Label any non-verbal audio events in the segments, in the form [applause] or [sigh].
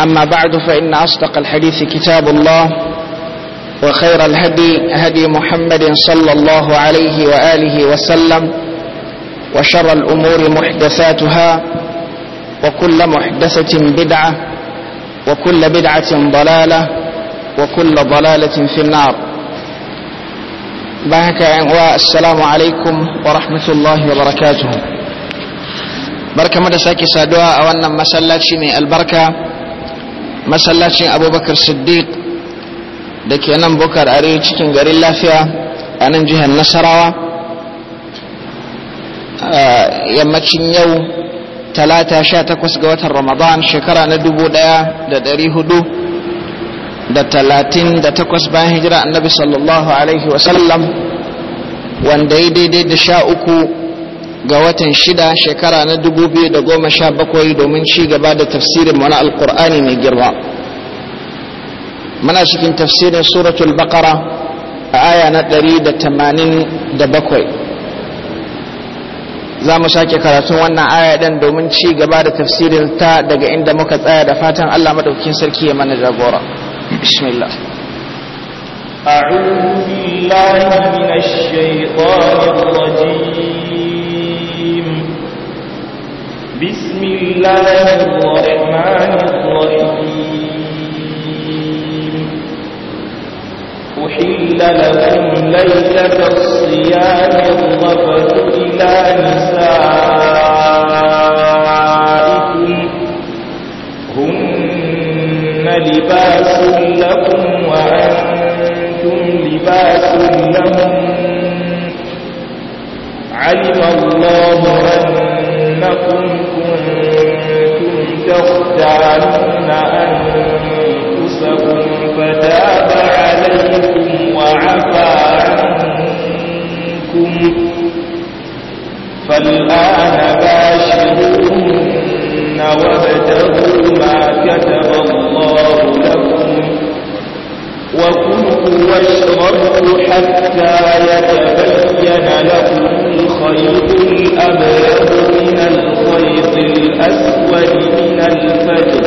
أما بعد فإن أصدق الحديث كتاب الله وخير الهدي هدي محمد صلى الله عليه وآله وسلم وشر الأمور محدثاتها وكل محدثة بدعة وكل بدعة ضلالة وكل ضلالة في النار بارك والسلام عليكم ورحمة الله وبركاته بركة مدى ساكي سادوا أولا مسلاتي البركة masallacin abubakar siddiq da ke nan bukar arewa cikin garin lafiya a nan jihar nasarawa yammacin yau talata sha takwas ga watan ramadan shekara na dubu daya da dari hudu da talatin da takwas bayan hijira annabi sallallahu alaihi wasallam wanda ya daidai da sha uku ga watan shida shekara na dubu biyu da goma sha bakwai domin ci gaba da tafsirin mana alkur'ani mai girma muna cikin tafsirin suratul baqara a aya na da da tamanin bakwai. za mu sake karatun wannan aya ɗin domin ci gaba da tafsirin ta daga inda muka tsaya da fatan allah maɗaukin sarki ya mana jagora bismillah أعوذ بالله من الشيطان الرجيم بسم الله الرحمن الرحيم أحل لكم ليلة الصيام الرفث إلى نسائكم هن لباس لكم وأنتم لباس لهم علم الله أنكم كنتم تختارون أنفسكم عليكم وعفى عنكم فالآن باشرون وابتغوا ما كتب الله لكم وكلوا واشربوا حتى يتبين لكم خير الأبيض الأسود من الفجر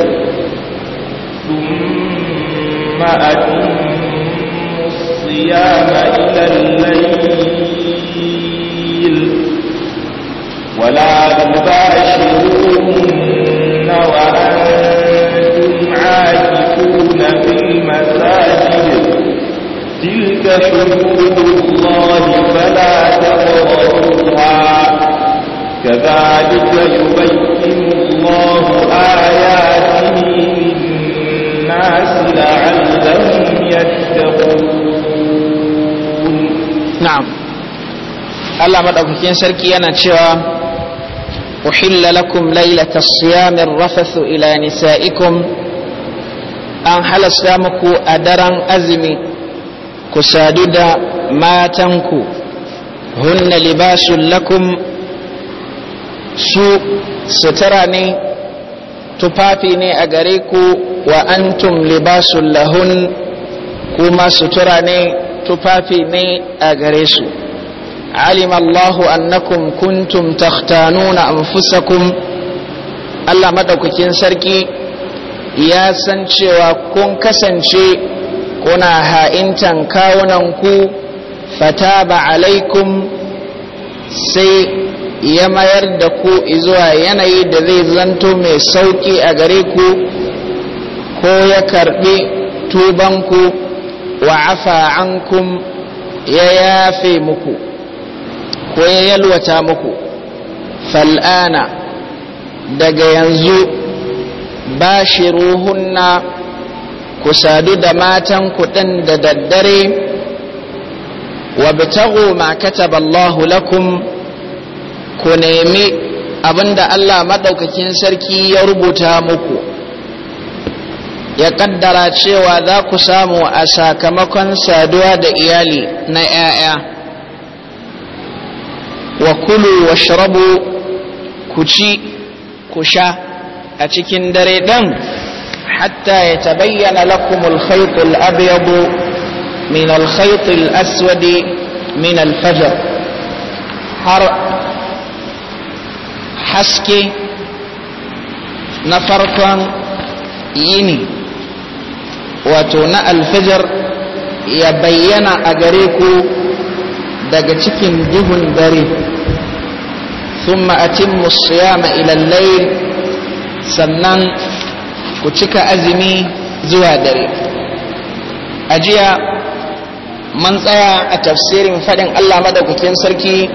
ثم أتم الصيام إلى الليل ولا تباشرون وأنتم عاكفون في المساجد تلك حدود الله فلا تقربوها كذلك يبين آياته للناس لعلهم يتقون نعم الله مدعوكين سركي أنا تشوى أحل لكم ليلة الصيام الرفث إلى نسائكم an halasta muku a daren azumi ku sadu da matanku hunna libasun lakum su sutura tufafi ne a gare ku wa antum libasul lahun kuma sutura ne tufafi ne a gare su alim Allahu annakum kuntum takhtanuna anfusakum Allah madaukakin sarki ya san cewa kun kasance kuna ha'intan ku fataba alaikum sai ya mayar da ku zuwa yanayi da zai zanto mai sauki a gare ku ko ya karɓi tubanku wa afa ankum ya yafe muku ko ya yalwata muku fal'ana daga yanzu ba shi ruhunna ku sadu da matan kuɗin da daddare wa bitago ma kataballahu lakum ku nemi abinda Allah madaukakin sarki ya rubuta muku ya kaddara cewa za ku samu a sakamakon saduwa da iyali na 'ya'ya wa kulu wa shirabu ku ci ku sha a cikin dare ɗan hatta ya tabayyana lakum alkhaitul abyadu min alkhaitul aswadi min alfajar har haske na farkon yini wato na alfajar ya bayyana a gare ku daga cikin duhun dare ثم أتموا الصيام إلى layl sannan ku cika azumi zuwa dare ajiya man tsaya a tafsirin fadin Allah madaukakin sarki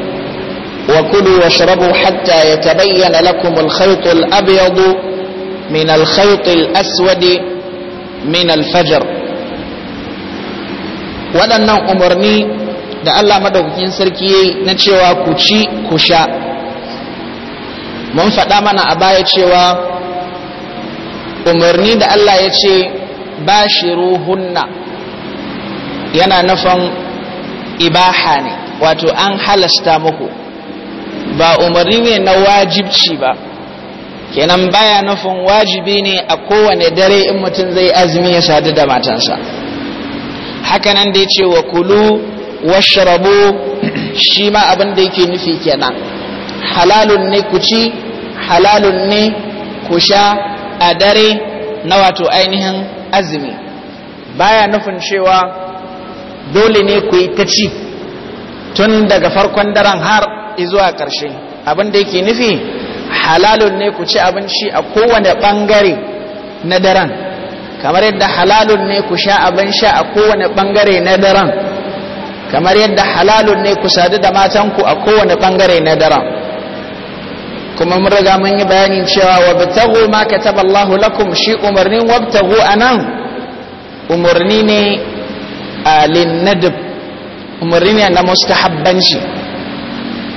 وكلوا واشربوا حتى يتبين لكم الخيط الأبيض من الخيط الأسود من الفجر waɗannan umarni da Allah madaukakin sarki na cewa ku ci ku sha mun faɗa mana a baya cewa umarni da Allah ya ce ba shi ruhunna yana nufin ibaha ne wato an halasta muku ba umarni ne na wajibci ba kenan baya nufin wajibi ne a kowane dare in mutum zai azumi ya sadu da matansa hakanan da ya ce wa kulu washrabu shi ma abin da yake nufi kenan halalun ne ku ci halalun ne ku sha a dare na wato ainihin azumi baya nufin cewa dole ne ku yi ta ci tun daga farkon daren har zuwa ƙarshe abin da yake nufi halalun ne ku ci abinci a kowane ɓangare na daren kamar yadda halalun ne ku sha abin sha a kowane ɓangare na daren kamar yadda halalun ne ku sadu da matanku a kowane ɓangare na daren kuma mun riga mun yi bayanin cewa wa bitahu ma Allahu lakum shi umarnin wabtahu anan umarni ne a linnadib umarni ne na mustahabbanci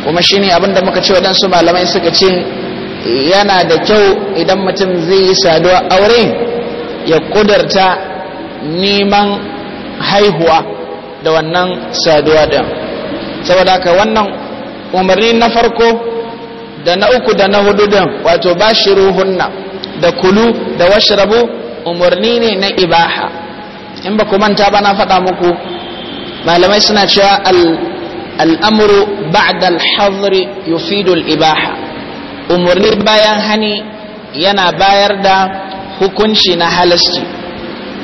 kuma shi ne abinda muka ce waɗansu malamai suka ce yana da kyau idan mutum zai yi saduwa aure ya kudarta neman haihuwa da wannan saduwa din saboda haka wannan umarni na farko da na uku da na hudu din wato ruhunna da kulu da rabu umarni ne na ibaha in ba ku manta ba na faɗa muku malamai suna cewa al'amuru ba'da al-hadri yufidu al-ibaha umarni bayan hani yana bayar da hukunci na halasci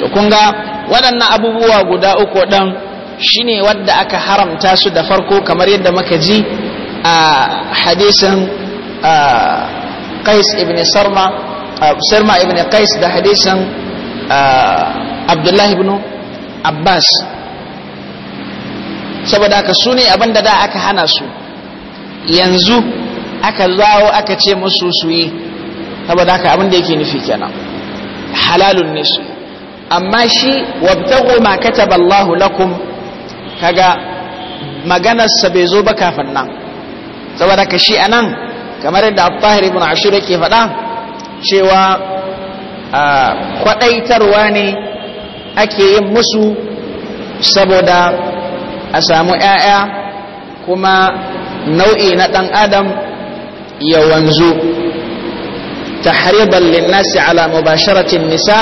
to kun ga waɗannan abubuwa guda uku ɗan shine wadda aka haramta su da farko kamar yadda muka ji a hadisin qais ibn sarma sarma ibn qais da hadisin abdullahi ibn abbas saboda aka su ne abin da aka hana su yanzu aka zawo aka ce musu su yi saboda haka abin da yake nufi kenan halalun ne su amma shi wabtahu ma kataba Allahu lakum kaga maganarsa bai zo ba kafin nan saboda ka shi anan kamar yadda Abtahir ibn Ashur yake faɗa cewa kwadaitarwa ne ake yin musu saboda a samu ‘ya'ya kuma nau'i na ɗan adam ya wanzu tahriban linnasi ala mubasharatin nisa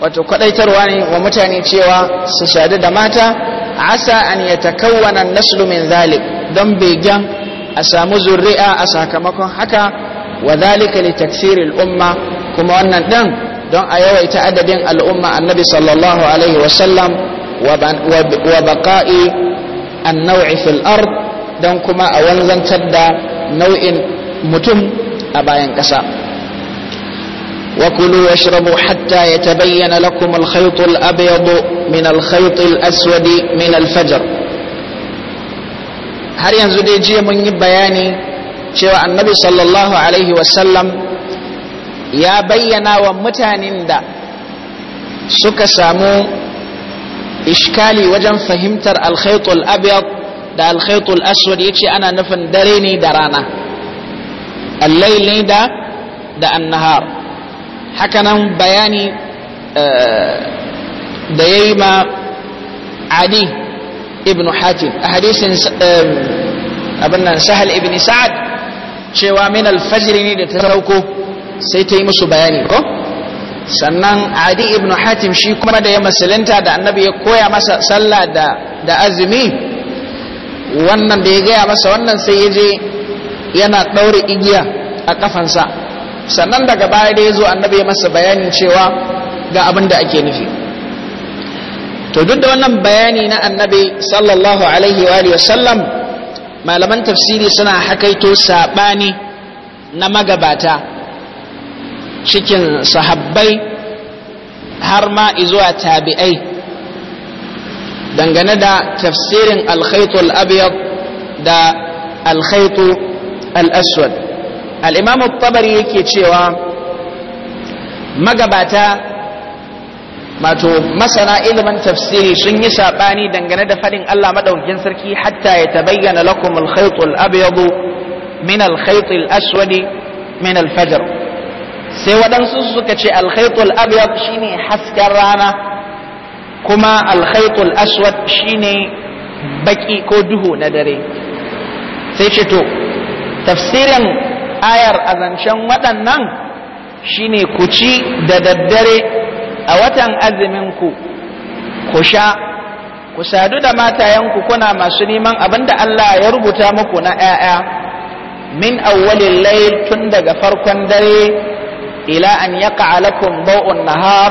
wato kwadaitarwa ne wa mutane cewa su sadu da mata asa an ya ta naslu min zalik don begen a samu zuri'a a sakamakon haka wa zalika li taksiril umma kuma wannan dan don a yawaita adadin al'umma annabi sallallahu alaihi wasallam wa baqa'i an-naw'i fil ard dan kuma a wanzantar da nau'in mutum a bayan ƙasa wa kulu washrabu hatta yatabayyana lakum al-khayt al-abyad min al-khayt min al har yanzu dai jiya mun yi bayani cewa annabi sallallahu alaihi wasallam ya bayyana wa mutanen da suka samu ishkali wajen fahimtar alkhaitul abyad da alkhaitul aswad yace ana nufin dare ne da rana al-layl ne da da an-nahar hakanan bayani da yayi ma adi ibn hatim a hadisin abin sahal ibn sa'ad cewa min al-fajr ne da ta sauko sai ta yi musu bayani ko sannan adi ibn hatim shi kuma da ya musulunta da annabi ya koya masa sallah da da azumi wannan da ya gaya masa wannan sai ya je yana ɗaure igiya a ƙafansa. sannan daga baya da ya zo annabi ya masa bayanin cewa ga abin da ake nufi to duk da wannan bayani na annabi sallallahu alaihi wa sallam malaman tafsiri suna hakaito saɓani na magabata cikin sahabbai har ma izuwa tabi'ai dangane da tafsirin alkhaitu al'abiyar da alkhaitu al'aswad al'imamu tabari yake cewa magabata mato masana ilimin tafsiri sun yi saɓani dangane da faɗin Allah maɗaukin sarki hatta ya tabayyana lakum alkhaitu al'abiyar min alkhaitu al'aswadi min alfajar sai waɗansu suka ce alkhaitul abyad shine hasken rana kuma alkhaitul aswad shine baki ko duhu na dare sai ce to tafsirin ayar azancen waɗannan shine ku ci da daddare a watan azumin ku ku sha ku sadu da matayenku kuna masu neman abinda Allah ya rubuta muku na 'ya'ya min awwalil layl tun daga farkon dare ila an yaqa lakum baw'un nahar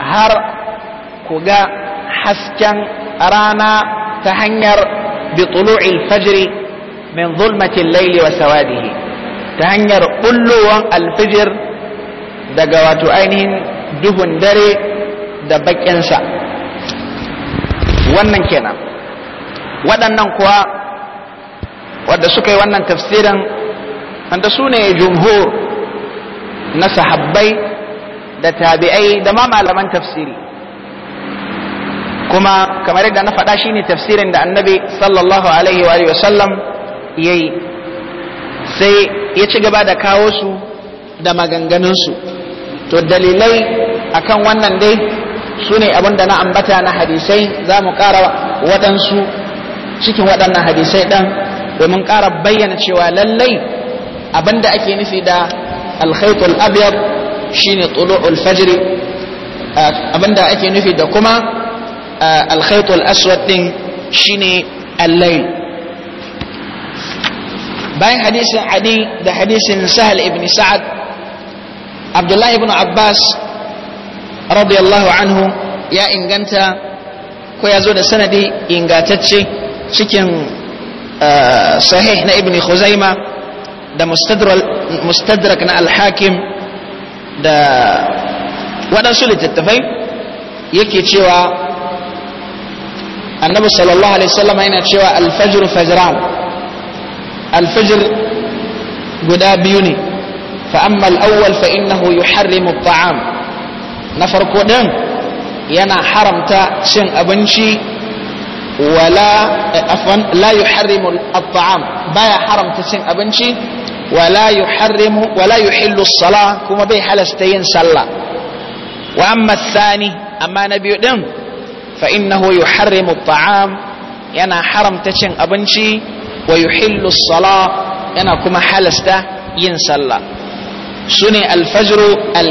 har ku ga hasken rana ta hanyar bi tulu'il fajri min zulmati al-layli wa sawadihi ta hanyar bullowan alfijir daga wato ainihin duhun dare da bakinsa wannan kenan waɗannan kuwa wadda suka yi wannan tafsirin wanda su ne jumhur na sahabbai da tabi'ai da ma malaman tafsiri kuma kamar yadda na faɗa shine tafsirin da annabi sallallahu alaihi wa sallam yayi sai ya ci gaba da kawo su da maganganunsu to dalilai akan wannan dai su ne abinda na ambata na hadisai za mu ƙara waɗansu cikin waɗannan hadisai ɗan domin ƙara bayyana cewa lallai abinda ake nufi da alkhaitu al-abyad shine tulu'ul fajr abinda ake nufi da kuma alkhaitu al-aswad din shine al-layl bayan hadisin adi da hadisin sahal ibn sa'ad abdullahi ibn abbas radiyallahu anhu ya inganta ko ya zo da sanadi ingatacce cikin sahih na ibn khuzaima da mustadrak mustadrak na alhakim da waɗansu littattafai yake cewa annabi sallallahu alaihi wasallam yana cewa alfajr fajran alfajr guda biyu ne fa amma al-awwal fa innahu yuharrimu at-ta'am na farko din yana haramta cin abinci wala eh, afwan la yuharrimu at-ta'am baya haramta cin abinci wala yuharrimu wala yuhillu as-salah kuma bai halasta yin sallah wa amma ath amma na biyu din fa innahu yuharrimu at-ta'am yana haramta cin abinci wa yuhillu as-salah yana kuma halasta yin sallah sune ne fajr al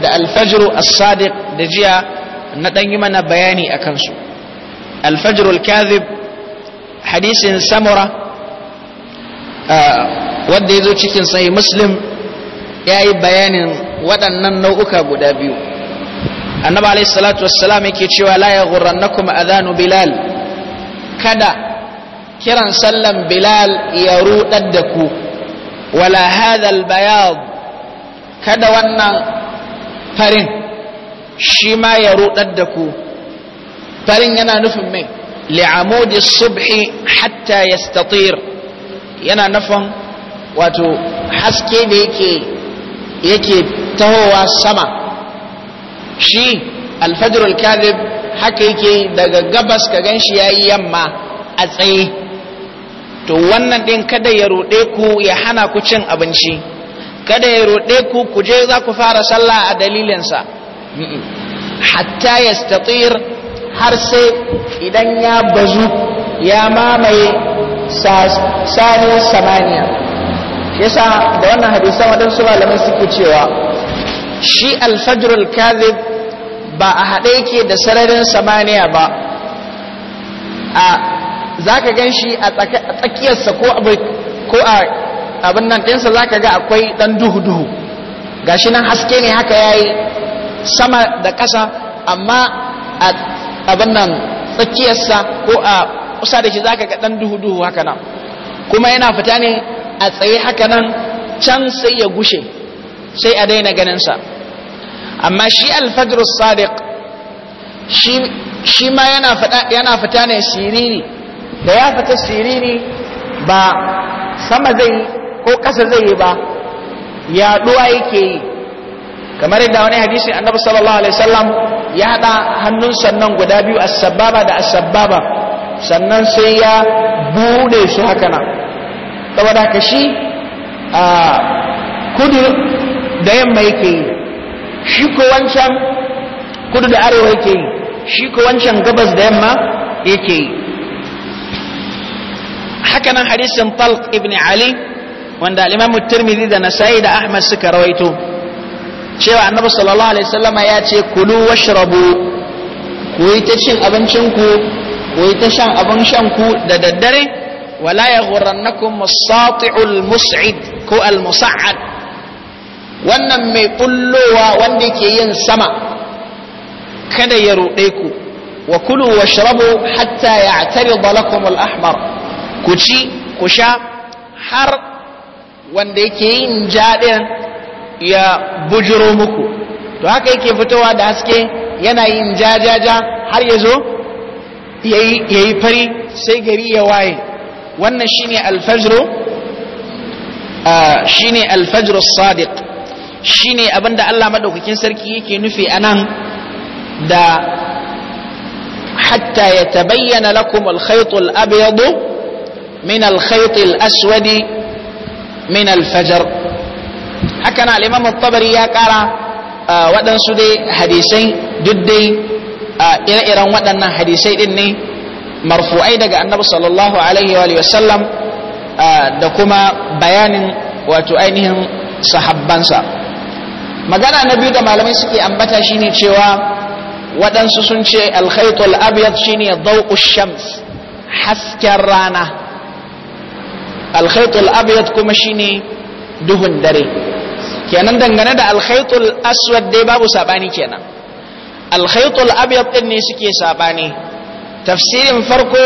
da al asadik da jiya na dan yi mana bayani a kansu al-fajr hadisin samura wanda ya zo cikin sai muslim ya yi bayanin waɗannan nau'uka guda biyu annabi alaihi salatu wassalam yake cewa la ya ghurrannakum adhanu bilal kada kiran sallan bilal ya rudar da ku wala hadha albayad kada wannan farin shi ma ya rudar da ku farin yana nufin mai li'amudi subhi hatta yastatir yana nufin wato haske da yake yake tahowa sama shi alfajr al haka yake daga gabas ka gan ganshi yayi yamma a tsaye to wannan ɗin kada ya rode ku ya hana ku cin abinci kada ya rode ku ku je za ku fara sallah a dalilin sa hatta yastatir har sai idan ya bazu ya mamaye sani samaniya yasa da wannan hadisan su malamin suke cewa shi al-kadhib ba a haɗe yake da sararin samaniya ba a za ka gan shi a tsakiyarsa ko a abin nan ɗinsa za ga akwai ɗan duhu-duhu gashi nan haske ne haka yayi sama da ƙasa amma a abin nan tsakiyarsa ko a kusa da shi za ga ɗan duhu-duhu haka nan kuma yana fita ne a tsaye haka nan can sai ya gushe sai a daina ganinsa amma shi alfajir sadiq shi ma yana fita ne siriri da ya fita siriri ba sama zai ko ƙasa zai yi ba yaɗuwa yake yi kamar yadda wani hadisi annabi sallallahu alaihi wasallam ya haɗa hannun sannan guda biyu as-sababa da as-sababa sannan sai ya bude su haka nan saboda ka shi a kudu da yamma yake yi shi ko wancan kudu da arewa yake yi shi ko wancan gabas da yamma yake yi haka nan hadisin Falk ibn ali wanda al-imam da nasa'i da ahmad suka rawaito cewa annabi sallallahu alaihi wasallama ya ce kulu washrabu ku yi ta cin abincinku ku yi ta shan abin shan da daddare ولا yaghrannakum as-sati'ul mus'id ko al-musa'ad wannan mai bullowa wanda yake yin sama kada ya ruɗe ku wa kulu washrabu hatta ya'tarida lakum al-ahmar ku ci ku sha har wanda yake yin jadin ya bujiro muku to haka yake fitowa da haske yana yin jajaja har ya zo ya yi fari sai gari ya waye wannan shine alfajru shine alfajru sadiq shine abinda Allah madaukakin sarki yake nufi anan da hatta yatabayyana lakum alkhayt alabyad min alkhayt alaswad min alfajr haka na al-imam at-tabari ya kara waɗansu dai hadisai duk dai ire-iren waɗannan hadisai din ne marfu'ai daga annabi sallallahu alaihi wa sallam da kuma bayanin wato ainihin sahabbansa magana na biyu da malamai suke ambata shine cewa waɗansu sun ce alkhaitul abyad shine dawqu shams hasken rana alkhaitul abyad kuma shine duhun dare kenan dangane da alkhaitul aswad dai babu sabani kenan alkhaitul abyad din ne suke sabani tafsirin farko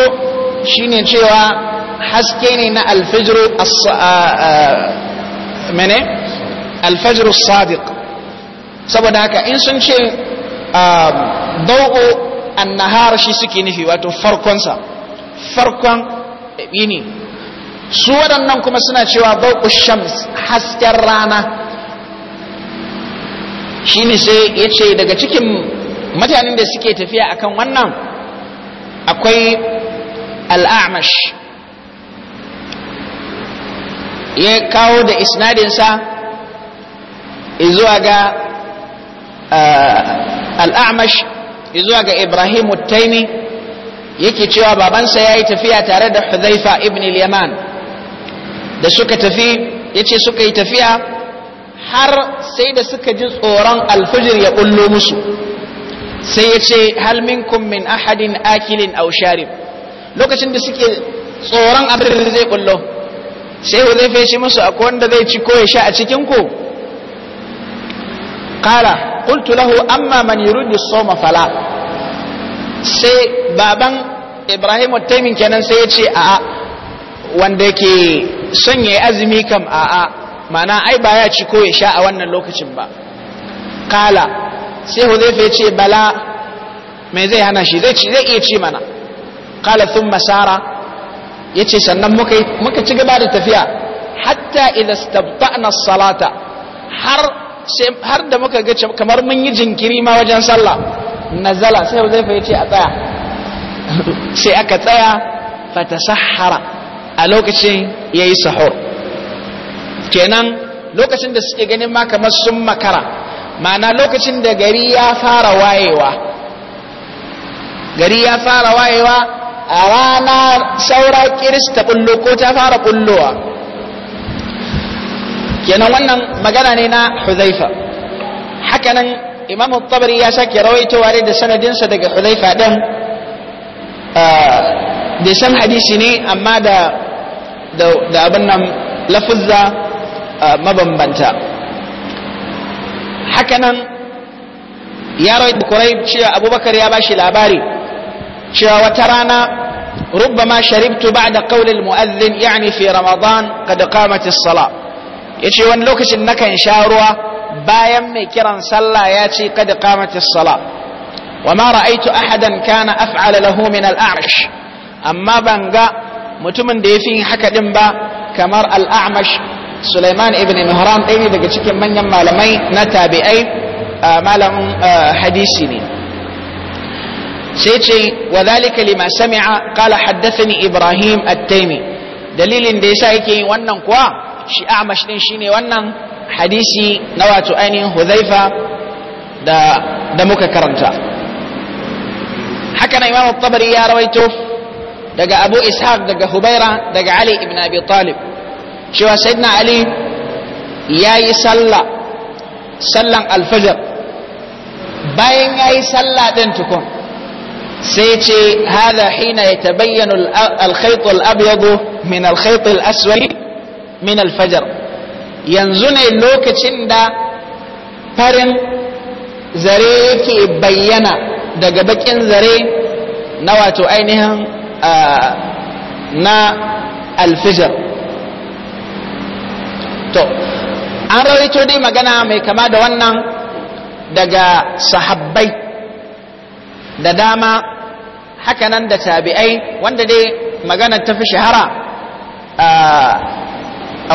shine cewa haske ne na alfajr mene alfajr sadiq saboda haka in sun ce dau'u annahar shi suke nufi wato farkonsa farkon yini su waɗannan kuma suna cewa dau'u shams hasken rana shine sai yace daga cikin mutanen da suke tafiya akan wannan akwai al'amash ya kawo da isnadinsa izuwa ga al'amash izuwa ga ibrahim taimi yake cewa babansa ya yi tafiya tare da huzaifa ibn yaman da suka tafi ya ce suka yi tafiya har sai da suka ji tsoron alfijir ya ƙullo musu sai ya ce halmin min ahadin akilin aw lokacin da suke tsoron abin da zai kullo sai zai fashi musu akwai wanda zai ci ko ya sha a cikin ku qala qultu lahu amma man yuridu sawma fala sai baban ibrahim taimin kenan sai ya ce a'a wanda yake son yayi azumi kam a'a mana ai ba ya ci ko ya sha a wannan lokacin ba qala sai huzaifa ya ce bala mai zai hana shi zai iya ce mana kala sun masara ya ce sannan muka ci gaba da tafiya hatta idan na salata har da muka ga kamar mun yi jinkiri ma wajen sallah nazala sai huzaifa ya ce a tsaya [laughs] sai aka tsaya fata sahara a lokacin ya yi sahur kenan lokacin da suke ganin ma kamar sun makara ma'ana lokacin da gari ya fara wayewa gari ya fara wayewa a rana saura kirista kullo ko ta fara kullowa kenan wannan magana ne na huzaifa hakanan imam tabari ya sake rawaitowa da sanadinsa daga huzaifa ɗin da san hadisi ne amma da abin nan lafuzza mabambanta hakanan ya rai bukurai cewa abubakar ya bashi labari cewa wata rana ربما شربت بعد قول المؤذن يعني في رمضان قد قامت الصلاة yace wani lokacin nakan sha ruwa bayan mai kiran sallah ya ce kad qamat as-salah wa ma ra'aytu ahadan kana af'ala lahu min al-a'mash amma ban ga mutumin da yafi haka din ba kamar al-a'mash Sulaiman ibn Mihran ɗaya ne daga cikin manyan malamai na tabi'ai malamin hadisi ne sai ce wa zalika lima sami'a qala haddathani Ibrahim at-Taymi dalilin da yasa yake yin wannan kuwa shi Amash din shine wannan hadisi na wato ainihin Hudhaifa da da muka karanta haka na Imam at-Tabari ya rawaito daga Abu Ishaq daga Hubaira daga Ali ibn Abi Talib cewa sayyidina ali ya yi sallah sallan alfajar bayan ya yi sallah ɗin tukun sai ce hada hina ya tabayyana alkhaitu abyadu min alkhaitu al'aswari min alfajar yanzu ne lokacin da farin zare yake bayyana daga bakin zare na wato ainihin ah, na alfajar. to an rawaito dai magana mai kama da wannan daga sahabbai da dama hakanan da tabi'ai wanda dai magana ta fi shahara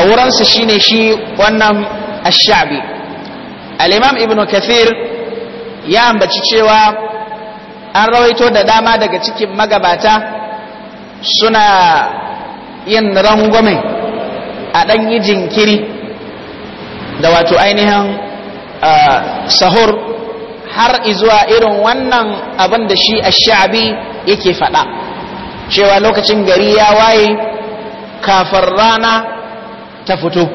a wuransu shine shi wannan ashabi imam ibnu kathir ya ambaci cewa an rawaito da dama daga cikin magabata suna yin rangwame a ɗan yi jinkiri da wato ainihin sahur har izuwa irin wannan abin da shi a sha'abi yake faɗa cewa lokacin gari ya waye kafin rana ta fito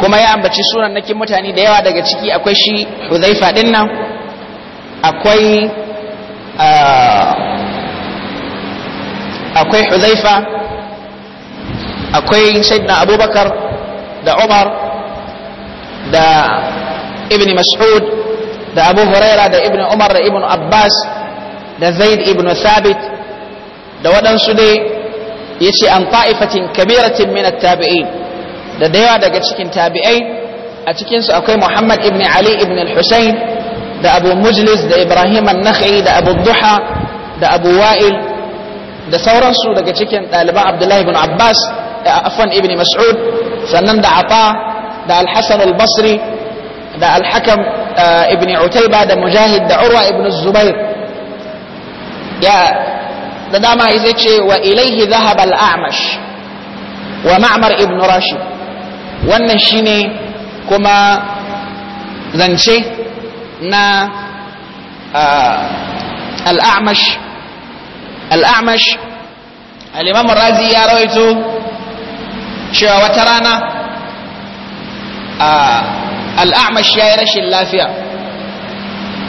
kuma ya ambaci sunan nakin mutane da yawa daga ciki akwai shi huzaifa ɗin nan akwai akwai huzaifa akwai sayyidina abubakar da umar da ibn mas'ud da abu huraira da ibn umar da ibn abbas da zaid ibn thabit da waɗansu dai ya ce an ta'ifatin kabiratin min tabi'in da dayawa daga cikin tabi'ai a cikinsu akwai muhammad ibn ali ibn al-husayn da abu mujlis da ibrahim an da abu duha da abu wa'il da sauransu daga cikin ɗaliban abdullahi ibn abbas عفوا ابن مسعود سنن دا عطاء دا الحسن البصري دا الحكم آه، ابن عتيبة دا مجاهد دا عروة ابن الزبير يا دا داما إذكي وإليه ذهب الأعمش ومعمر ابن راشد ونشيني كما ذنشي نا آه، الأعمش الأعمش الإمام الرازي يا رويته cewa wata rana al'amash ya yi rashin lafiya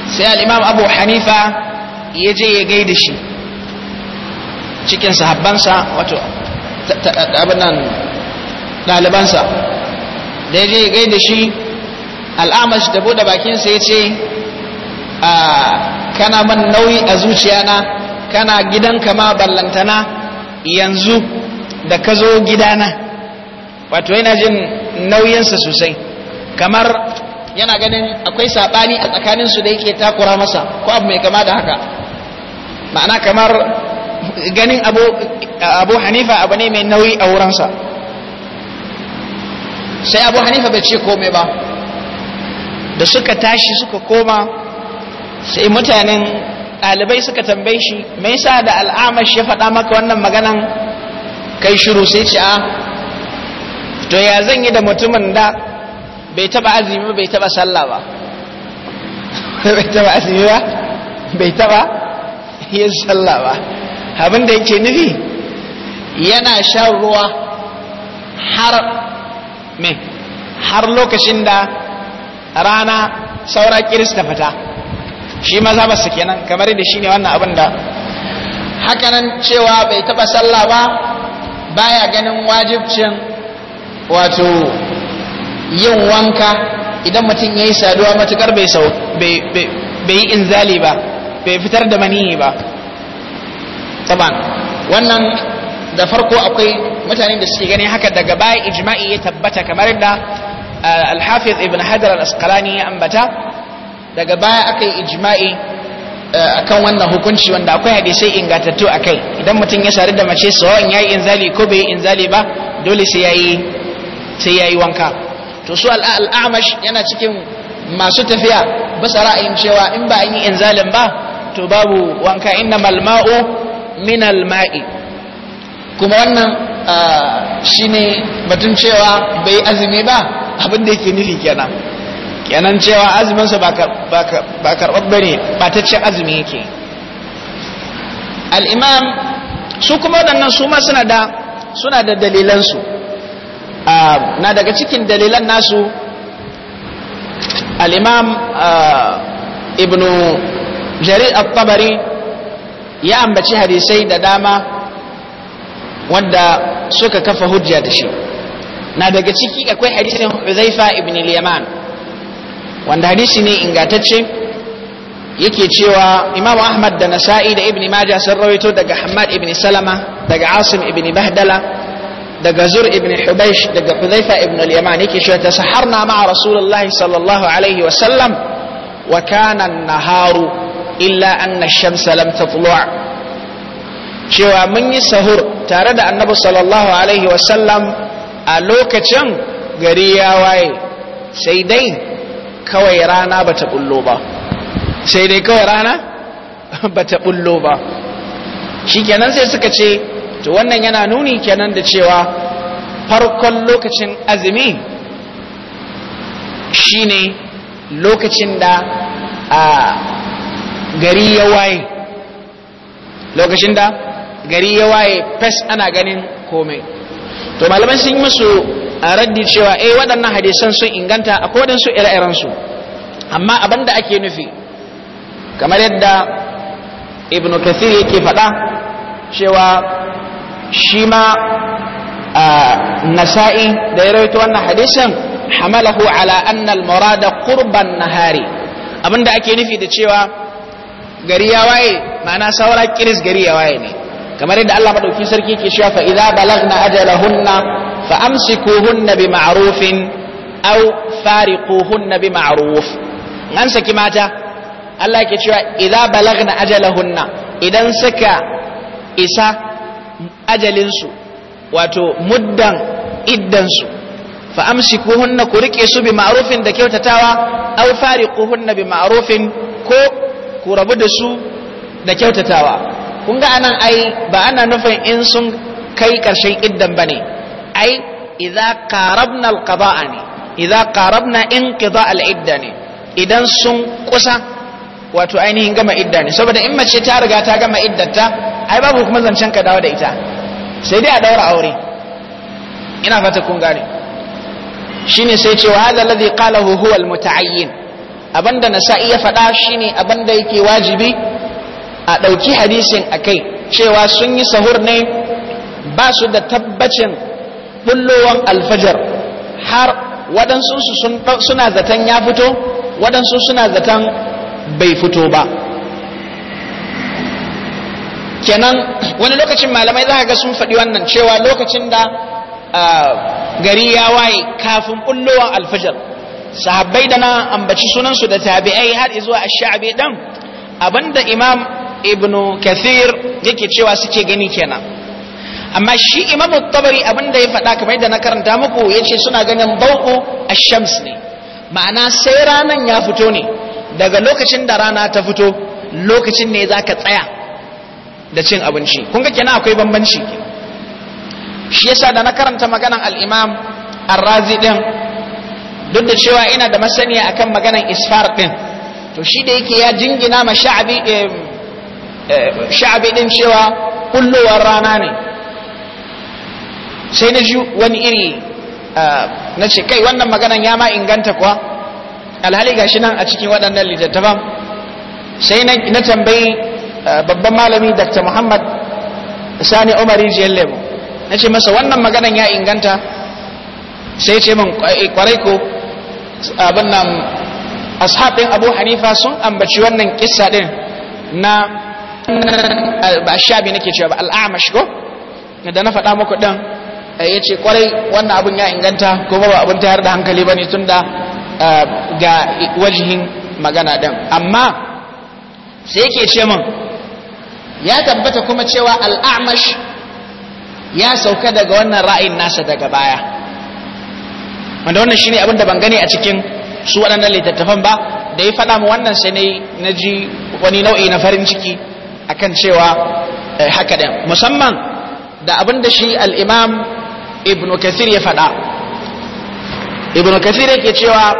sai al'imam abu hanifa ya je ya gaida shi cikin sahabbansa wato abinan da ya je ya gaida shi al'amash da buɗe bakinsa ya ce kana man nauyi a zuciyana kana gidanka ma ballantana yanzu da ka zo gidana wato yana jin nauyinsa sosai kamar yana ganin akwai saɓani a tsakaninsu da yake takura masa ko abu mai kama da haka ma'ana kamar ganin abu hanifa abu ne mai nauyi a wuransa sai abu hanifa bai ce kome ba da suka tashi suka koma sai mutanen ɗalibai suka tambaye shi mai sa da al'amash ya faɗa maka wannan maganan kai shiru sai ce a ah, to ya zan yi da mutumin da bai taba azumi ba bai taba sallah ba [laughs] bai taba azumi ba bai taba yin sallah ba abin da yake nufi yana shan ruwa har me har lokacin da rana saura kirista fita shi maza ba su kenan kamar da shi ne wannan abin da hakanan cewa bai taba sallah ba baya ganin wajibcin wato yin wanka idan mutum ya yi saduwa matukar bai yi inzali ba bai fitar da maniyi ba taban wannan da farko akwai mutane da suke gani haka daga baya ijma'i ya tabbata kamar da eh, alhafiz ibn hajar al-asqalani ya ambata daga baya aka yi ijma'i eh, akan wannan hukunci wanda akwai hadisai ingantattu kai idan mutum ya sadu da mace ya yi inzali ko bai yi inzali ba dole sai yayi sai yayi wanka to su al'amash yana cikin masu tafiya bisa ra'ayin cewa in ba an yi inzalin ba to babu wanka innamal ma'u min ma'i kuma wannan shine batun cewa bai azumi ba abin da yake nufi kenan kenan cewa azuminsa ba karɓar bane ɓataccen azumi yake al'imam su kuma waɗannan su ma suna da suna da dalilansu Ah, na daga cikin dalilan nasu al'imam ah, ibn jarir al-tabari ya ambaci hadisai da dama wanda suka kafa hujja da shi na daga ciki akwai hadisin huzaifa ibn liyaman wanda hadisi ne ingatacce yake cewa imam ahmad da nasa'i da ibn majah sun rawaito daga hamad ibn salama daga asim ibn bahdala daga zur ibn hubaish daga hudhaifa ibn al-yaman yake cewa na ma'a rasulullahi sallallahu alaihi wa sallam wa kana an-naharu illa anna ash-shamsa lam tatlu' cewa mun yi sahur tare da annabi sallallahu alaihi wa sallam a lokacin gari ya waye sai dai kawai rana bata bullo ba sai dai kawai rana [laughs] bata bullo ba shikenan sai suka ce to wannan yana nuni kenan da cewa farkon lokacin azumi shine lokacin da a gari ya waye lokacin da gari ya waye fes ana ganin komai to malaman sun yi musu a raddi cewa eh waɗannan hadisan sun inganta a kodansu ire-irensu amma abin da ake nufi kamar yadda ibn kathir yake faɗa cewa shi ma nasa'i da ya rawaito wannan hadisin hamalahu ala anna hari. murada qurban nahari abinda ake nufi da cewa gari ya waye ma'ana saura kiris gari ya waye ne kamar yadda Allah madaukin sarki ke cewa fa idza balagna ajalahunna fa amsikuhunna bi ma'rufin aw fariquhunna bi ma'ruf nan saki mata Allah ke cewa idza balagna ajalahunna idan suka isa ajalinsu wato muddan iddansu fa amsikuhunna ku rike su bi ma'rufin da kyautatawa aw fariquhunna bi ma'rufin ko ku rabu da su da kyautatawa kun ga anan ai ba ana nufin in sun kai karshen iddan bane ai idza qarabna alqada'a ne idza qarabna inqida al'idda ne idan sun kusa wato ainihin gama idda ne saboda in mace ta riga ta gama ta. ai babu kuma zancen ka dawo da ita sai dai a daura aure ina fata kun gane shine sai cewa hadha alladhi qalahu huwa almutaayyin abanda nasa'i ya faɗa shine abanda yake wajibi a ɗauki hadisin akai cewa sun yi sahur ne ba su da tabbacin bullowan alfajar har waɗansu suna zaton ya fito wadansu suna zaton bai fito ba kenan wani lokacin malamai za ga sun faɗi wannan cewa lokacin da gari ya waye kafin ɓullowar alfajar sahabbai da na ambaci sunansu da tabi'ai har zuwa a sha'abe dan abinda imam ibnu kathir yake cewa suke gani kenan amma shi imam tabari abinda ya faɗa kamar da na karanta muku ya ce suna ganin bauku a shams ne ma'ana sai ranan ya fito ne daga lokacin da rana ta fito lokacin ne za ka tsaya da cin abinci kun ga kenan akwai bambanci shi yasa da na karanta maganan al-imam ar-razi din duk da cewa ina da masaniya akan maganan isfar din to shi da yake ya jingina ma sha'abi eh, eh, sha'abi din cewa kullowar rana ne sai na ji wani iri eh, na ce kai wannan maganan ya ma inganta kuwa alhali gashi nan a cikin waɗannan littattafan sai na tambayi Eh, babban malami dr muhammad sani umari jiyallemu na ce masa wannan maganan ya inganta sai ce min eh, kwarai ko abin nan ashabin abu hanifa sun ambaci wannan kisa din na ba nake cewa ba al'amash ko da na faɗa muku ɗin eh, ya ce kwarai wannan abin ya inganta ko ba abin tayar da hankali ba ne tun da ga wajihin magana ɗin amma sai yake ce min ya tabbata kuma cewa al'amash ya sauka daga wannan ra'ayin nasa daga baya wanda wannan shine abin da ban gani a cikin su waɗannan littattafan ba da ya faɗa mu wannan sai ne na ji wani nau'i na farin ciki akan cewa eh, haka ɗin musamman da abinda da shi al'imam ibn kathir ya faɗa ibn kathir yake cewa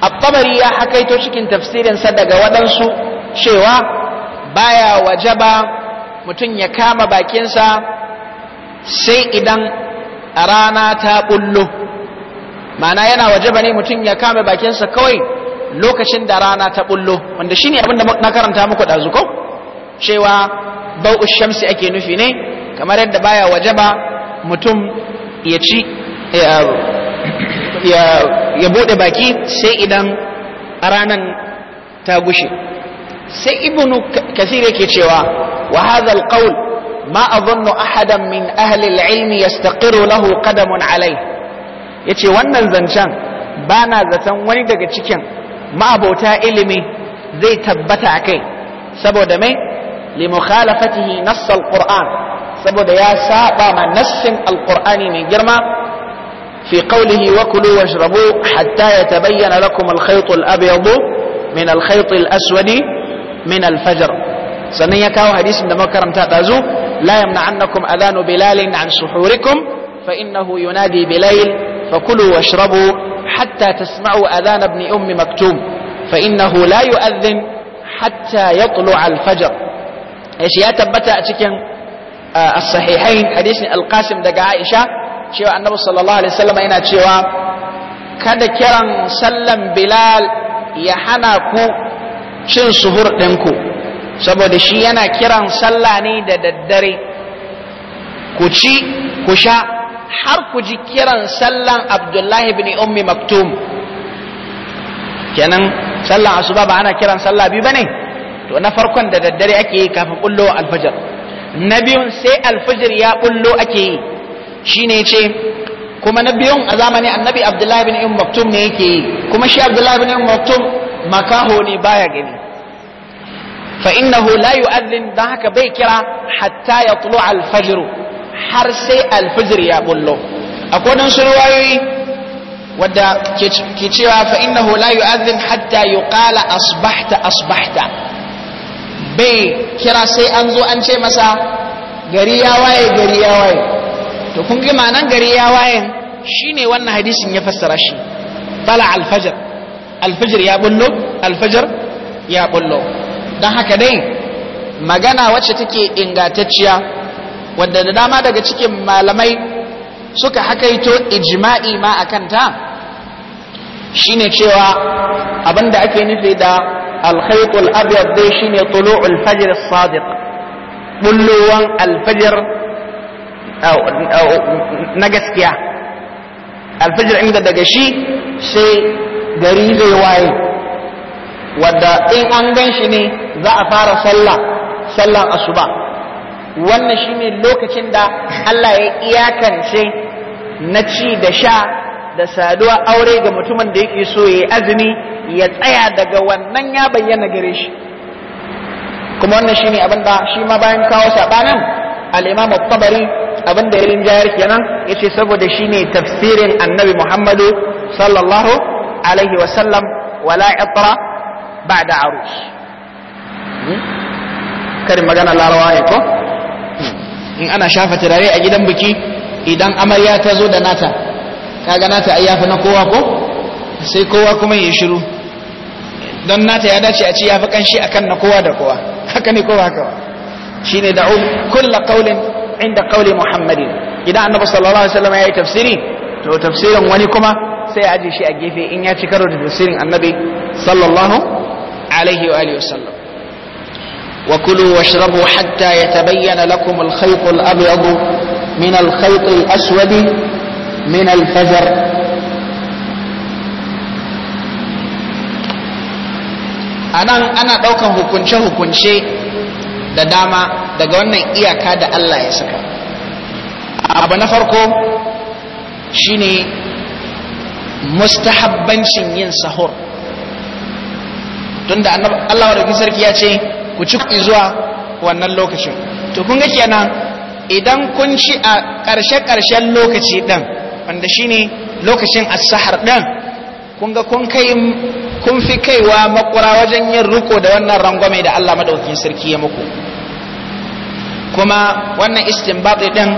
abtabari ya hakaito cikin tafsirinsa daga waɗansu cewa baya wajaba mutum ya kama bakinsa sai idan a rana ta bullo mana yana wajaba ne mutum ya kama bakinsa kawai lokacin da rana ta bullo wanda shine abin da na karanta muku ɗazu ko cewa ba'u shamsi ake nufi ne kamar yadda baya wajaba mutum ya ci ya bude baki sai idan ranan ta gushe sai ibnu kathir yake cewa wa hadha alqawl ma adhannu ahadan min ahli alilm yastaqiru lahu qadamun alai yace wannan zancen bana zaton wani daga cikin ma'abota ilimi zai tabbata kai saboda mai li mukhalafatihi nass alquran saboda ya saba ma nassin alqurani mai girma fi qawlihi wa kulu washrabu hatta yatabayyana lakum alkhayt alabyad min alkhayt alaswadi min alfajar sannan ya kawo hadisin da makaranta ɗazu la yamna'annakum adanu bilalin an suhurikum fa innahu yunadi bilail fa kulu washrabu hatta tasma'u adhan ibn ummi maktum fa innahu la yu'adhin hatta yatlu' alfajar shi ya tabbata a cikin as-sahihain hadisin al daga Aisha cewa annabi sallallahu alaihi wasallam yana cewa kada kiran sallan bilal ya hana ku cin suhur ɗinku saboda shi yana kiran sallah ne da daddare ku ci ku sha har ku ji kiran sallan abdullahi bin ummi maktum kenan sallan asuba ba ana kiran sallah biyu ba ne? to na farkon da daddare ake yi kafin bullo alfajar na biyun sai alfajar ya bullo ake yi shi ne ce kuma na biyun a zamanin annabi abdullahi bin ummi maktum ne yake yi kuma shi abdullahi bin ummi maktum makaho ne baya gani fa innahu la yu'adhdhin da haka bai kira hatta yatlu al-fajr har sai al-fajr ya bullo akwai dan shirwayoyi wadda ke cewa fa innahu la yu'adhdhin hatta yuqala asbahta asbahta bai kira sai an zo an ce masa gari ya waye gari ya waye to kun ga ma'anan gari ya waye shine wannan hadisin ya fassara shi طلع الفجر alfajir ya bullo alfajir ya bullo don haka dai magana wacce take ingantacciya wadda da dama daga cikin malamai suka hakaito ijma'i ma a kanta shine cewa abinda ake nufi da alkhaitul abyad dai shine tulu'ul fajr as-sadiq bullowan alfajir na gaskiya inda daga shi sai gari zai waye wadda in an gan shi ne za a fara sallah sallan asuba wannan shine lokacin da Allah ya iyakance na ci da sha da saduwa aure ga mutumin da yake so ya azumi ya tsaya daga wannan ya bayyana gare shi kuma wannan shine abin da shi ma bayan kawo sabanan al-Imam tabari abin da ya rinjayar kenan yace saboda shine tafsirin Annabi Muhammadu sallallahu alaihi wasallam wala itra ba'da arush hmm? karin magana larawa ne ko hmm. in ana shafa turare a gidan biki idan amarya ta zo da nata kaga nata na sai ya shiru don nata ya dace a ce yafi kanshi kan na kowa da kowa haka ne kowa haka shine da'u kulla qawlin inda qawli muhammadin idan annabi sallallahu alaihi wasallam ya yi tafsiri to tafsirin wani kuma sai aje shi a gefe in ya ci karo da tafsirin annabi sallallahu alaihi wa alihi wasallam wa kulu washrabu hatta yatabayyana lakum al-khayt al-abyad min al-khayt al-aswad min al-fajr anan ana daukan hukunce hukunce da dama daga wannan iyaka da Allah ya saka abu na farko shine mustahabbancin yin sahur tunda Allah wa sarki ya ce ku ci zuwa wannan lokacin to kun ga kenan idan kun ci a ƙarshe-ƙarshen lokaci ɗin wanda shine lokacin as-sahar ɗin kun ga kun kai kun fi kaiwa makura wajen yin ruko da wannan rangwame da Allah madaukakin sarki ya muku kuma wannan istinbati ɗin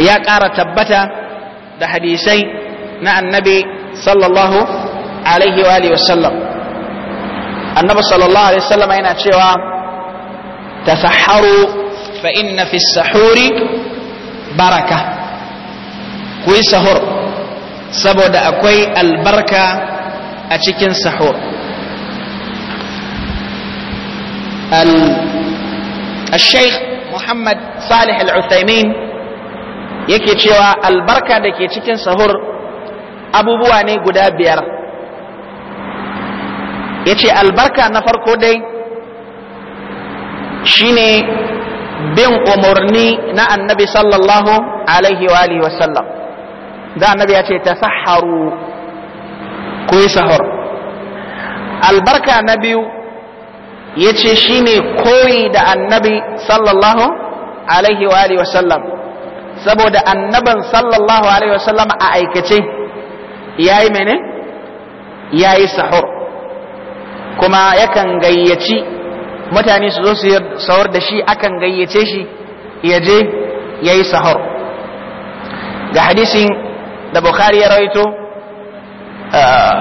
ya ƙara tabbata تحديثي مع النبي صلى الله عليه وآله وسلم النبي صلى الله عليه وسلم أين أتشوى تفحروا فإن في السحور بركة كوي سحور سبود أكوي البركة أتشكين سحور الشيخ محمد صالح العثيمين yake cewa albarka da ke cikin sahur abubuwa ne guda biyar ya ce albarka na farko dai shine bin umarni na annabi sallallahu alaihi wa alihi wasallam da annabi ya ce ta saharu ku yi sahur albarka na biyu ya ce shine koyi da annabi sallallahu alaihi wa alihi wasallam saboda annaban sallallahu alaihi wasallam a aikace yayi mene yayi sahur kuma yakan gayyaci mutane su zo su yi sahur da shi akan gayyace shi ya je yayi sahur ga hadisin da bukhari ya rawaito ah,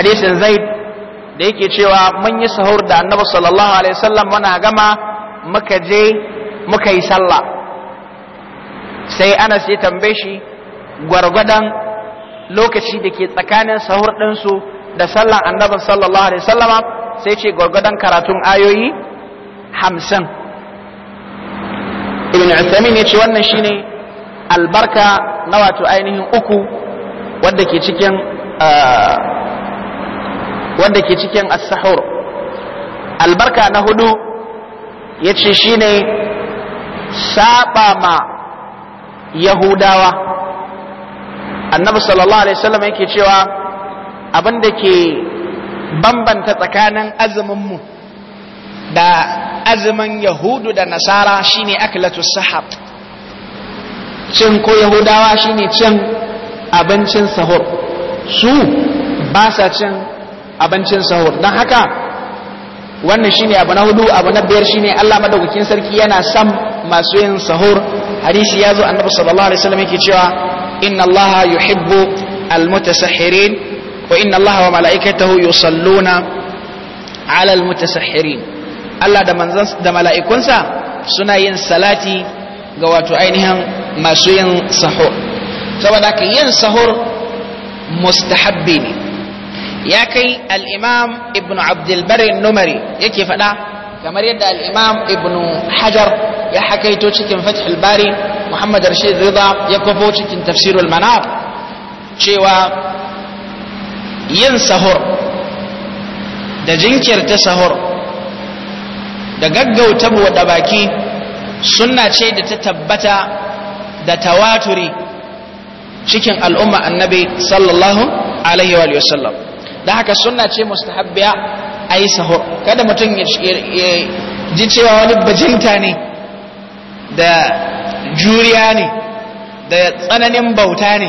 hadisin zaid da yake cewa mun yi sahur da annabi sallallahu alaihi wasallam muna gama muka je muka yi sallah sai ana siya tambaye shi gwargwadon lokaci da ke tsakanin sahur ɗinsu da sallan annabin sallallahu alaihi sallama sai ce gwargwadon karatun ayoyi hamsin ibn Uthamin ya ce wannan shine albarka na wato ainihin uku wadda ke cikin uh, wadda ke cikin as-sahur albarka na hudu ya ce shine saba ma yahudawa annabi sallallahu alaihi wasallam yake cewa abin da ke bambanta tsakanin azumin mu da azumin yahudu da nasara shine aklatu sahab cin ko yahudawa shine cin abincin sahur su ba sa cin abincin sahur don haka wannan shine abu na hudu abu na biyar shine Allah madaukakin sarki yana san masu yin sahur hadisi ya zo annabi sallallahu alaihi wasallam yake cewa inna allaha yuhibbu almutasahhirin wa inna allaha wa mala'ikatahu yusalluna ala almutasahhirin Allah da manzan da mala'ikunsa suna yin salati ga wato ainihin masu yin sahur saboda ka yin sahur mustahabbi ne ya kai al-imam ibnu abdul bari numari yake faɗa kamar yadda al-imam ibnu hajar ya hakaito cikin fathul bari muhammad rashid rida ya kafo cikin tafsirul manar cewa yin sahur da jinkirta sahur da gaggauta buɗe baki sunna ce da ta tabbata da tawaturi cikin al'umma annabi sallallahu alaihi wa sallam da haka sunna ce mustahabbiya a yi sahur kada mutum ya ji cewa wani bajinta ne da juriya ne da tsananin bauta ne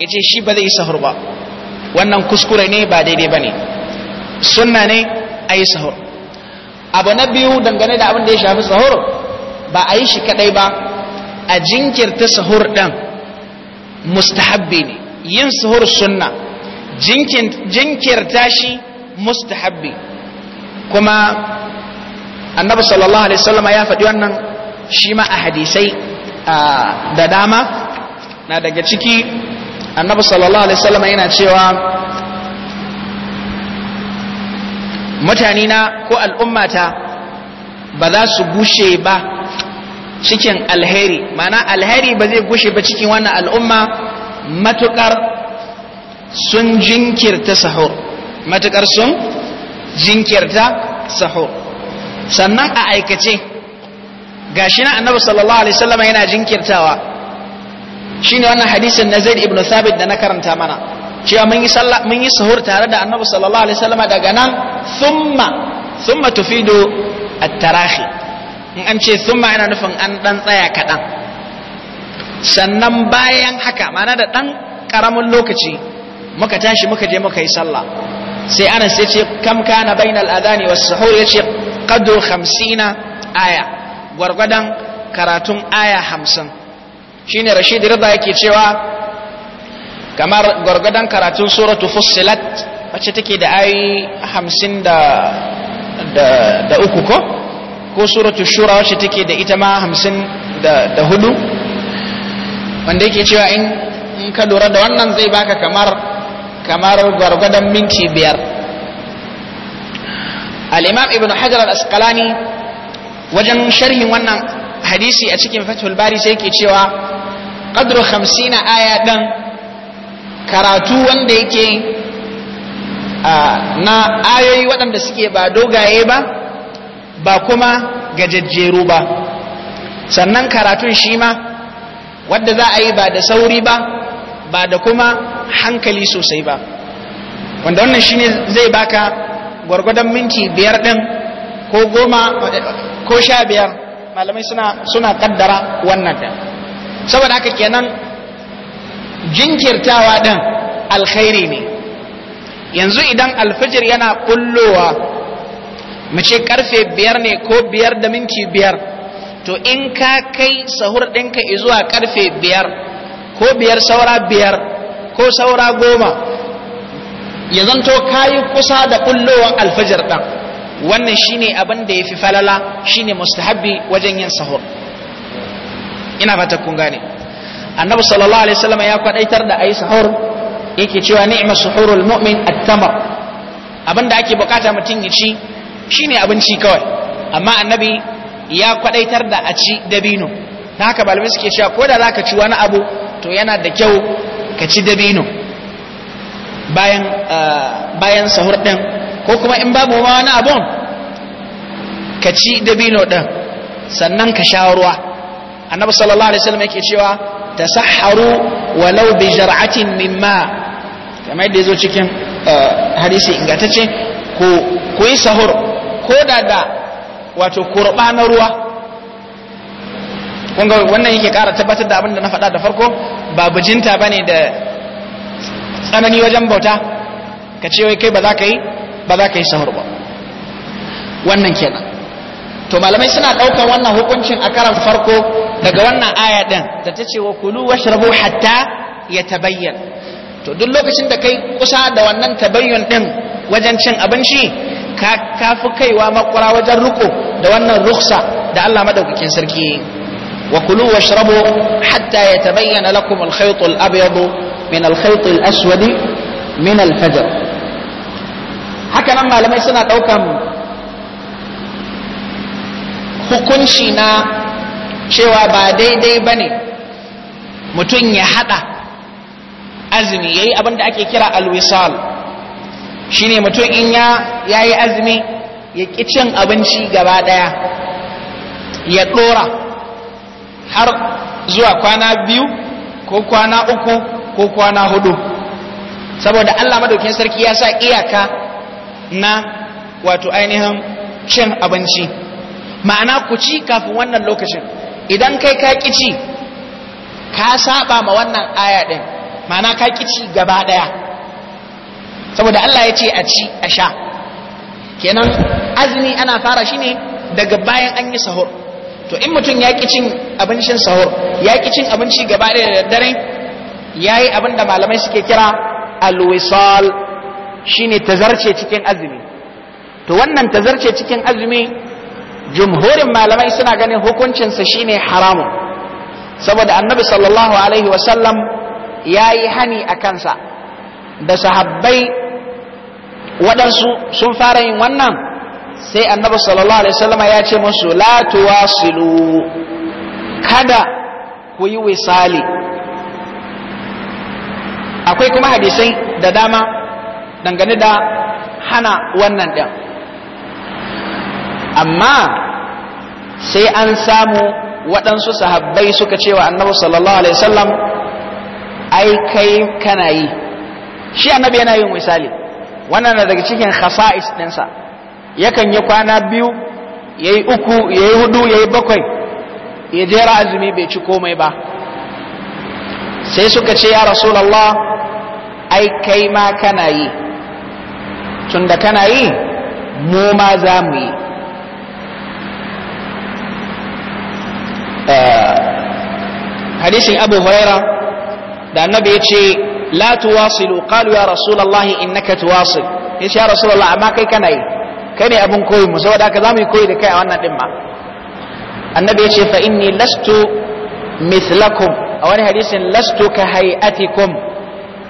ya ce shi ba zai sahur ba wannan kuskure ne ba daidai ba ne sunna ne a yi sahur abu na biyu dangane da abin da ya shafi sahur ba a yi shi kadai ba a jinkirta sahur ɗin mustahabbi ne yin sahur sunna jinkirta shi mustahabbi kuma annabi sallallahu alaihi wasallam ya faɗi wannan shi ma a hadisai da dama na daga ciki annabi sallallahu alaihi wasallam yana cewa mutane na ko al'ummata ba za su gushe ba cikin alheri mana alheri ba zai gushe ba cikin wannan al'umma matukar sun jinkirta sahur matukar sun jinkirta sahur sannan a aikace gashi na annabi sallallahu alaihi wasallam yana jinkirtawa shine wannan hadisin na Zaid ibn Thabit da na karanta mana cewa mun yi sallah mun yi suhur tare da annabi sallallahu alaihi wasallam daga nan thumma thumma tufidu at-tarahi in an ce thumma ana nufin an dan tsaya kaɗan sannan bayan haka mana da dan karamin lokaci muka tashi muka je muka yi sallah sai Anas ya ce kam kana bainal adani was suhur ya qadru 50 aya gwargwadon karatun aya hamsin shi ne rashid rida yake cewa kamar gwargwadon karatun suratu fussilat wacce take da ayi hamsin da uku ko ko suratu shura wacce take da ita ma hamsin da hudu wanda yake cewa in ka lura da wannan zai baka kamar kamar gwargwadon minti biyar al'imam ibn hajar al-asqalani wajen sharhin wannan hadisi a cikin fatul bari sai yake cewa qadru 50 aya ɗan karatu wanda yake na ayoyi waɗanda suke ba dogaye ba ba kuma gajajjeru ba sannan karatun shi ma wadda za a yi ba da sauri ba ba da kuma hankali sosai ba wanda wannan shine zai baka gwargwadon minti biyar ɗin ko goma ko sha biyar malamai suna suna kaddara wannan ta saboda haka kenan jinkirtawa din alkhairi ne yanzu idan alfijir yana kullowa mu ce karfe biyar ne ko biyar da minti biyar to in ka kai sahur ɗinka zuwa karfe biyar ko biyar saura biyar ko saura goma ya zanto kayi kusa da kullowar alfijir ɗan wannan shine abin da yafi falala shine mustahabbi wajen yin sahur ina fata kun gane annabi sallallahu alaihi wasallam ya kwadaitar da ayi sahur yake cewa ni'ma suhurul mu'min at-tamr abinda ake bukata mutum ya ci shine abinci kawai amma annabi ya kwadaitar da a ci dabino Na haka balmi suke cewa ko da zaka ci wani abu to yana da kyau ka ci dabino bayan eh, bayan sahur din ko kuma in babu ma wani abun ka ci dabino ɗin sannan ka sha ruwa annabi sallallahu alaihi wasallam yake cewa tasaharu walau bi jar'atin mimma kamar yadda zo cikin eh, hadisi ingantacce ko ku yi sahur ko da da wato kurba na ruwa kun ga wannan yake ƙara tabbatar da abin da na faɗa da farko ba bujinta bane da tsanani wajen bauta ka ce wai kai ba za ka yi ba za ka yi sahur ba wannan kenan to malamai suna ɗaukar wannan hukuncin a karan farko daga wannan aya ɗin da ta ce wa kulu washrabu hatta ya tabayyan to duk lokacin da kai kusa da wannan tabayyan ɗin wajen cin abinci ka kafi kaiwa makura wajen riko da wannan ruksa da Allah madaukakin sarki wa kulu washrabu hatta ya tabayyana lakum al-khayt al-abyad min al-khayt min alfajar. haka nan malamai suna ɗaukan hukunci na cewa ba daidai ba ne mutum ya haɗa azumi ya yi abin da ake kira alwisal shi ne mutum in ya yi azumi ya ƙi cin abinci gaba ɗaya ya ɗora har zuwa kwana biyu ko kwana uku ko kwana hudu saboda Allah madaukin sarki ya sa iyaka na wato ainihin cin abinci ma'ana ku ci kafin wannan lokacin idan kai ka ci ka saba ma wannan aya din ma'ana ka kici gaba daya saboda Allah ya ce a ci a sha kenan azumi ana fara shi ne daga bayan an yi sahur to in mutum ya ƙi cin abincin sahur ya ƙi cin abinci gaba daya da daddare yayi abin da malamai suke kira alwisal shine tazarce cikin azumi to wannan tazarce cikin azumi jumhurin malamai suna ganin hukuncinsa shine haramun saboda annabi sallallahu alaihi wasallam ya hani a kansa da sahabbai waɗansu sun fara yin wannan sai annabi sallallahu alaihi wasallam ya ce musu la tuwasilu kada ku yi wisali akwai kuma hadisai da dama dangane da hana wannan ɗin amma sai an samu waɗansu sahabbai suka cewa annabi sallallahu alaihi wasallam ai kai kana yi shi annabi yana yin misali wannan na daga cikin khasa'is ɗinsa yakan yi kwana biyu ya yi uku ya yi hudu ya yi bakwai ya jera azumi bai ci komai ba sai suka ce ya rasulallah ai kai ma kana yi tun da kana yi mu ma za mu yi hadishin abu huraira da annabi ya ce la tuwasilu qalu ya rasulullahi innaka tuwasil ya ce ya rasulullah amma kai kana yi kai ne abin koyi mu saboda haka za mu yi koyi da kai a wannan din ma annabi ya ce fa inni lastu mithlakum a wani hadisin lastu ka hay'atikum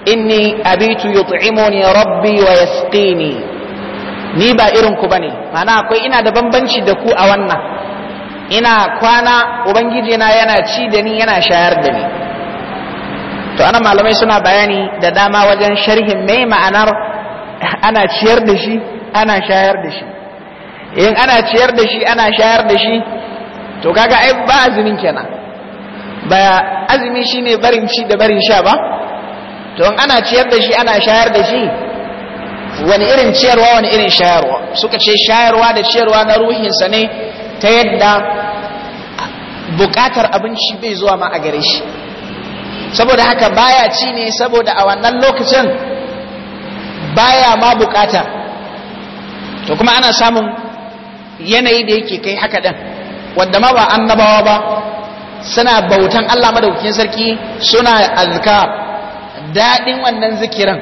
inni abitu yut'imuni rabbi wa yasqini ni ba irin ku bane mana akwai ina da bambanci da ku a wannan ina kwana ubangiji na yana ci da ni yana shayar da ni to ana malamai suna bayani da dama wajen sharhin mai ma'anar ana ciyar da shi ana shayar da shi in ana ciyar da shi ana shayar da shi to kaga ai ba azumin kenan ba azumi shine barin ci da barin sha ba to in ana ciyar da shi ana shayar da shi wani irin ciyarwa wani irin shayarwa suka ce shayarwa da ciyarwa na ruhinsa ne ta yadda bukatar abinci bai zuwa ma a gare shi saboda haka baya ci ne saboda a wannan lokacin baya ma bukata to kuma ana samun yanayi da yake kai haka ɗin wadda ma ba annabawa ba suna bautan Allah madaukakin sarki suna alka daɗin wannan zikirin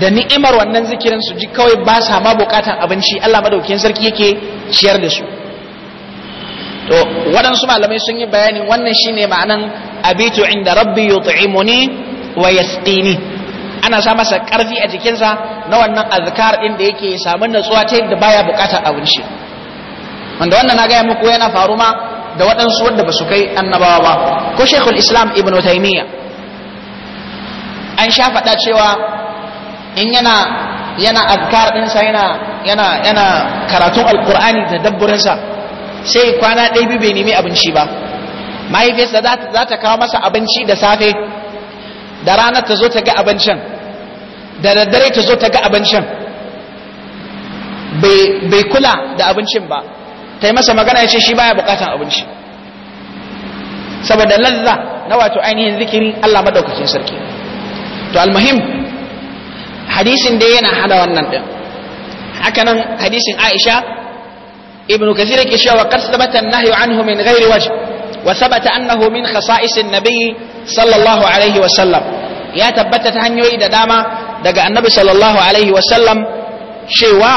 da ni'imar wannan zikirin su ji kawai ba sa ma bukatan abinci Allah madaukin sarki yake ciyar da su to waɗansu malamai sun yi bayani wannan shine ma'anan abitu inda rabbi yut'imuni wa yasqini ana sa masa karfi a jikinsa na wannan azkar din da yake samu natsuwa ta yadda baya bukatar abinci wanda wannan na gaya muku yana faru ma da waɗansu wanda ba su kai annabawa ba ko shaykhul islam ibnu taymiyyah an sha faɗa cewa in yana yana azkar ɗinsa yana yana yana karatun alkur'ani da dabburinsa sai kwana ɗaya biyu bai nemi abinci ba mahaifiyarsa za ta kawo masa abinci da safe da ranar ta zo ta ga abincin da daddare ta zo ta ga abincin bai kula da abincin ba ta yi masa magana ya ce shi baya bukatan abinci saboda lazza na wato ainihin zikiri Allah madaukakin sarki to almuhim hadisin dai yana hada wannan din haka nan hadisin aisha ibnu kathir yake cewa qad sabata an-nahyu anhu min ghairi wajh wa sabata annahu min khasa'is an-nabi sallallahu alaihi wa sallam ya tabbata ta hanyoyi da dama daga annabi sallallahu alaihi wa sallam cewa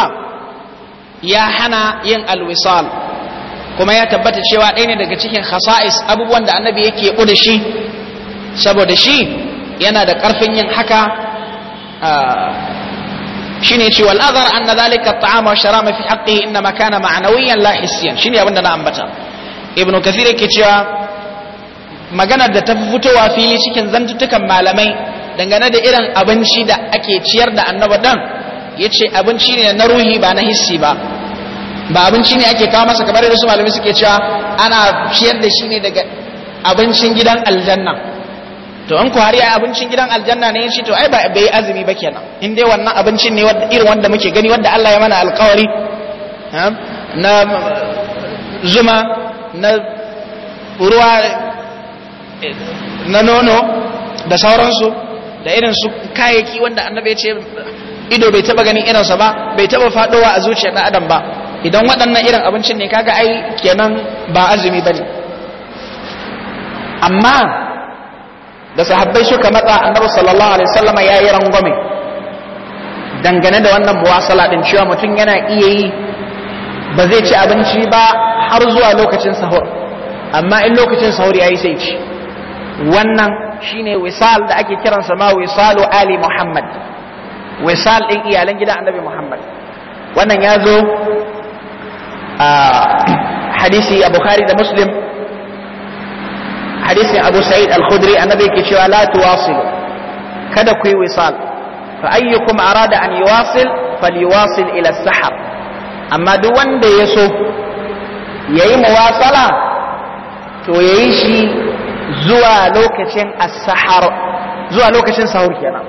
ya hana yin alwisal kuma ya tabbata cewa ɗaya ne daga cikin khasa'is abubuwan da annabi yake ƙuda shi saboda shi yana da ƙarfin yin haka ah, shine ce wal azar anna dhalika at'am wa sharama fi haqqihi inma kana ma'nawiyan la hissiyan shine abin da na ambata ibnu kathir yake cewa maganar da ta fitowa fili cikin zantutukan malamai dangane da irin abinci da ake ciyar da annaba dan ya ce abinci ne na ruhi ba na hissi ba ba abinci ne ake kawo masa kamar yadda su malamai suke cewa ana ciyar da shi ne daga abincin gidan aljanna to an ku har ya abincin gidan aljanna ne shi to ai ba bai azumi ba kenan in dai wannan abincin ne irin wanda muke gani wanda Allah ya mana alƙawari na zuma na ruwa na nono da sauransu da irin su kayayyaki wanda annabi ya ce ido bai taba ganin irinsa ba bai taba fadowa a zuciyar ɗan adam ba idan waɗannan irin abincin ne kaga ai kenan ba azumi bane amma da sahabbai suka matsa annabi sallallahu alaihi wasallam ya yi rangwame dangane da wannan muwasala din cewa mutum yana iya yi ba zai ci abinci ba har zuwa lokacin sahur amma in lokacin sahur yayi sai ci wannan shine wisal da ake kiransa ma wisalu ali muhammad wisal din iyalan gidan annabi muhammad wannan ya zo a hadisi a bukhari da muslim hadisin abu sa'id al-khudri annabi ke cewa la tuwasilu kada ku yi wisal fa ayyukum arada an yuwasil falyuwasil ila sahar amma duk wanda ya so yayi muwasala to yayi shi zuwa lokacin as-sahar zuwa lokacin sahur kenan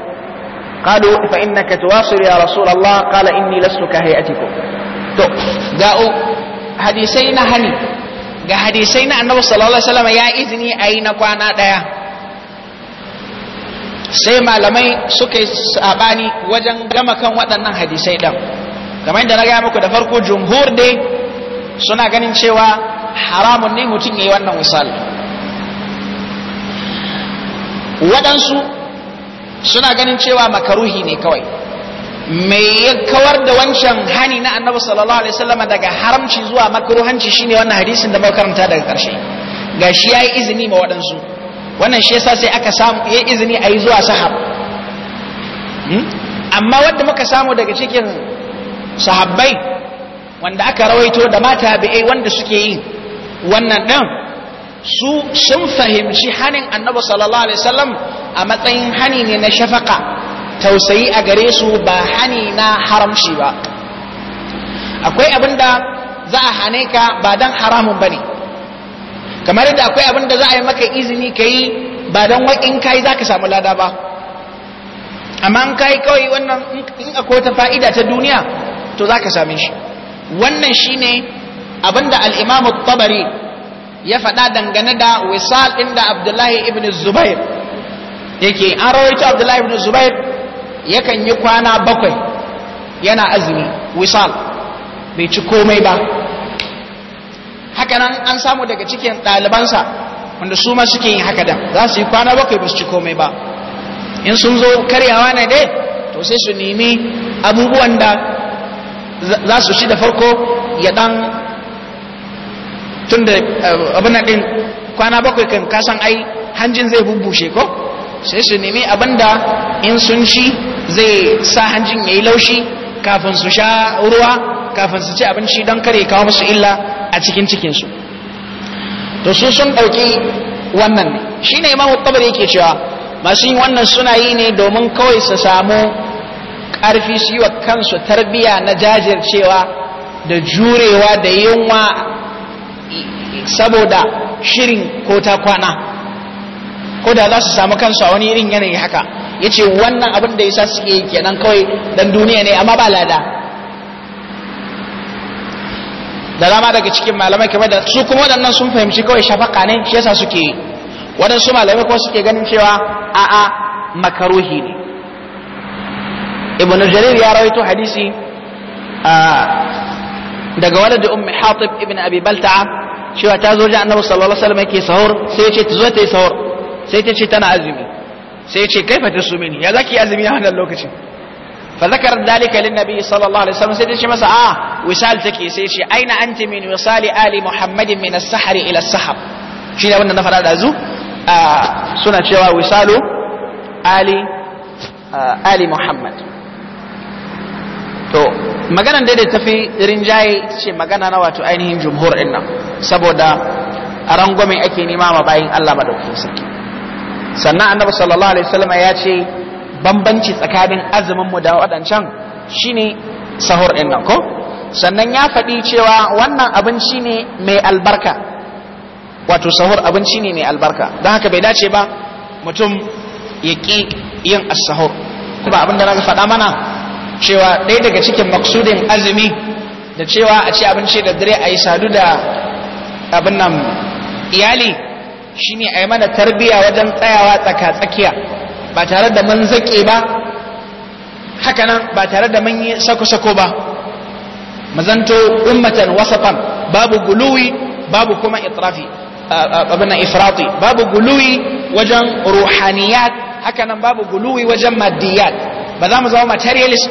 قالوا فإنك تواصل يا رسول الله قال إني لست كهيئتكم تو جاءوا حديثين هني ga hadisai na annabi sallallahu alaihi ya izini a yi na kwana ɗaya sai malamai suka yi saɓani wajen gama kan waɗannan hadisai ɗin kamar da na gaya muku da farko jumhur dai suna ganin cewa haramun ne mutum ya yi wannan misal. waɗansu suna ganin cewa makaruhi ne kawai mai ya kawar da wancan hani na annabi sallallahu alaihi wasallam daga haramci zuwa makruhanci shine wannan hadisin da muka karanta daga karshe gashi yayi izini ma waɗansu wannan shi yasa sai aka samu yayi izini ayi zuwa sahab hmm? amma wanda muka samu daga cikin sahabbai wanda aka rawaito da mata bi'ai wanda suke yi wannan dan su sun fahimci hanin annabi sallallahu alaihi wasallam a matsayin hani ne na shafaka tausayi a gare su ba hani na haramshi ba akwai abin da za a hane ka ba don haramun ba ne kamar yadda akwai abin da za a yi maka izini ka yi ba don waƙin kayi za ka samu lada ba amma in kayi kawai wannan in akwai ta fa'ida ta duniya to za ka same shi wannan shi ne abin da al'imamu tabari ya faɗa dangane da wisal ɗin da abdullahi ibn zubair yake an rawaita abdullahi ibn zubair yakan yi kwana bakwai yana azumi wisal bai ci komai ba hakanan an samu daga cikin ɗalibansa wanda su ma suke yin haka da za su yi kwana bakwai ba su ci komai ba in sun zo karyawa ne dai to sai su nemi abubuwan da za su shi da farko ya dan tun da eh, abin din kwana bakwai kan kasan ai hanjin zai bubbushe ko sai su nemi abin da in sun shi zai sa hanjin ya yi laushi kafin su sha ruwa kafin su ci abinci don kare kawo musu illa a cikin cikinsu to su sun ɗauki wannan ne shi ne imamu yake cewa masu yin wannan suna yi ne domin kawai su samu ƙarfi su yi wa kansu tarbiya na jajircewa da jurewa da yunwa saboda shirin ko ta kwana ko da za su samu kansu a wani irin yanayi haka yace wannan abin da yasa suke yi kenan kawai dan duniya ne amma ba lada da dama daga cikin malamai kamar da su kuma waɗannan sun fahimci kawai shafaka ne shi yasa suke yi waɗansu malamai kuma suke ganin cewa a'a makaruhi ne ibn jarir ya rawaito hadisi daga walad ummi hatib ibn abi balta'a cewa ta zo ji annabi sallallahu alaihi wasallam yake sahur sai ya ce ta zo ta yi sahur sai ta ce tana azumi sai ce kai fata su mini ya zaki azumi a wannan lokacin fa zakar dalika lin nabi sallallahu alaihi wasallam sai ta ce masa a ah, wisal take sai ce aina anti min wisali ali muhammadin min as-sahri ila as-sahab shi ne wannan na fara da zu ah, suna cewa wisalu ali ah, ali muhammad to maganan da tafi rinjaye ce magana na wato ainihin jumhur din nan saboda a rangwame ake nema ma bayin Allah madaukakin sarki sannan annabi sallallahu alaihi wasallam ya ce bambanci tsakanin azumin mu da waɗancan shine sahur din nan ko sannan ya faɗi cewa wannan abinci ne mai albarka wato sahur abinci ne mai albarka don haka bai dace ba mutum ya ƙi yin as-sahur ba abin da na faɗa mana cewa ɗaya daga cikin maksudin azumi da cewa a ci abinci da dare a yi sadu da abin nan iyali ne a yi mana tarbiya wajen tsayawa tsaka-tsakiya ba tare da mun zaƙe ba hakanan ba tare da mun yi sako-sako ba mazanto ummatan wasafan babu guluwi babu kuma itrafi abin ifrati babu guluwi wajen ruhaniyat hakanan babu guluwi wajen maddiyat ba za mu zama materialist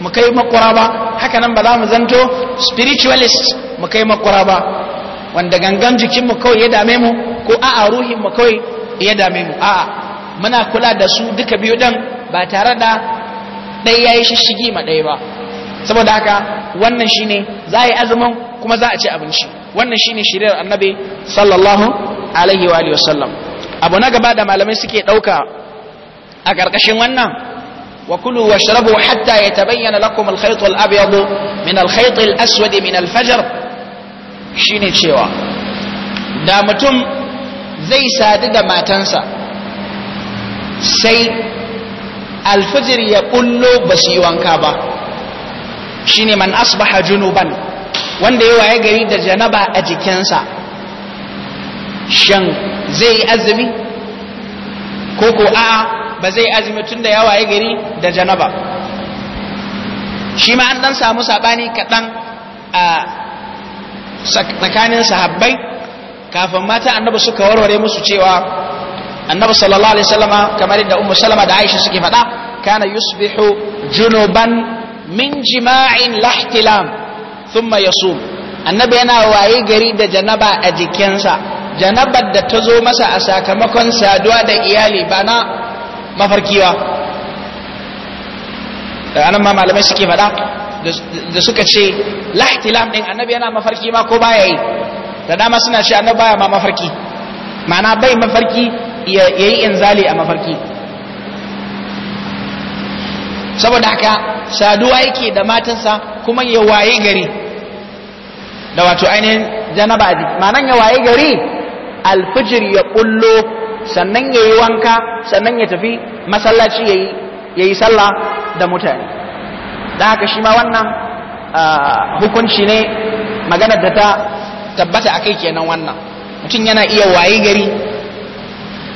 mu kai makura ba hakanan ba za mu zanto spiritualist mu kai makura ba wanda gangan jikinmu kawai ya dame mu ko a'a ruhinmu kawai ya dame mu a'a muna kula da su duka biyu dan ba tare da ɗaya ya yi shishigi ma ɗaya ba saboda haka wannan ne za a yi azumin kuma za a ci abinci wannan ne shirin annabi sallallahu alaihi wa sallam. abu na gaba da malamai suke ɗauka a ƙarƙashin wannan wa kulu wa hatta ya lakum al-khayt al-abyad min al-khayt min alfajar? shine cewa da mutum zai sadu da matansa sai alfijir ya kullo ba shi wanka ba shine man asbaha junuban wanda ya waye gari da janaba a jikinsa shan zai azumi ko ko a ba zai azumi tun da ya waye gari da janaba shi ma an dan samu sabani kaɗan a tsakanin sahabbai kafin mata annabi suka warware musu cewa annabi sallallahu alaihi wasallama kamar yadda ummu salama da aisha suke faɗa kana yusbihu junuban min jima'in lahtilam thumma yasum annabi yana waye gari da janaba a jikinsa janabar da ta zo masa a sakamakon saduwa da iyali ba na mafarkiwa da anan ma malamai suke faɗa da suka ce lahtilam din annabi yana mafarki ma ko baya yi da dama suna ce annabi baya ma mafarki ma'ana bai mafarki yayi inzali a mafarki saboda haka saduwa yake da matansa kuma ya waye gari da wato ainihin janaba a jiki ma'anan ya waye gari alfijir ya kullo sannan ya yi wanka sannan ya tafi masallaci ya yi sallah da mutane da haka shi ma wannan hukunci ne maganar da ta tabbata akai kenan wannan mutum yana iya waye gari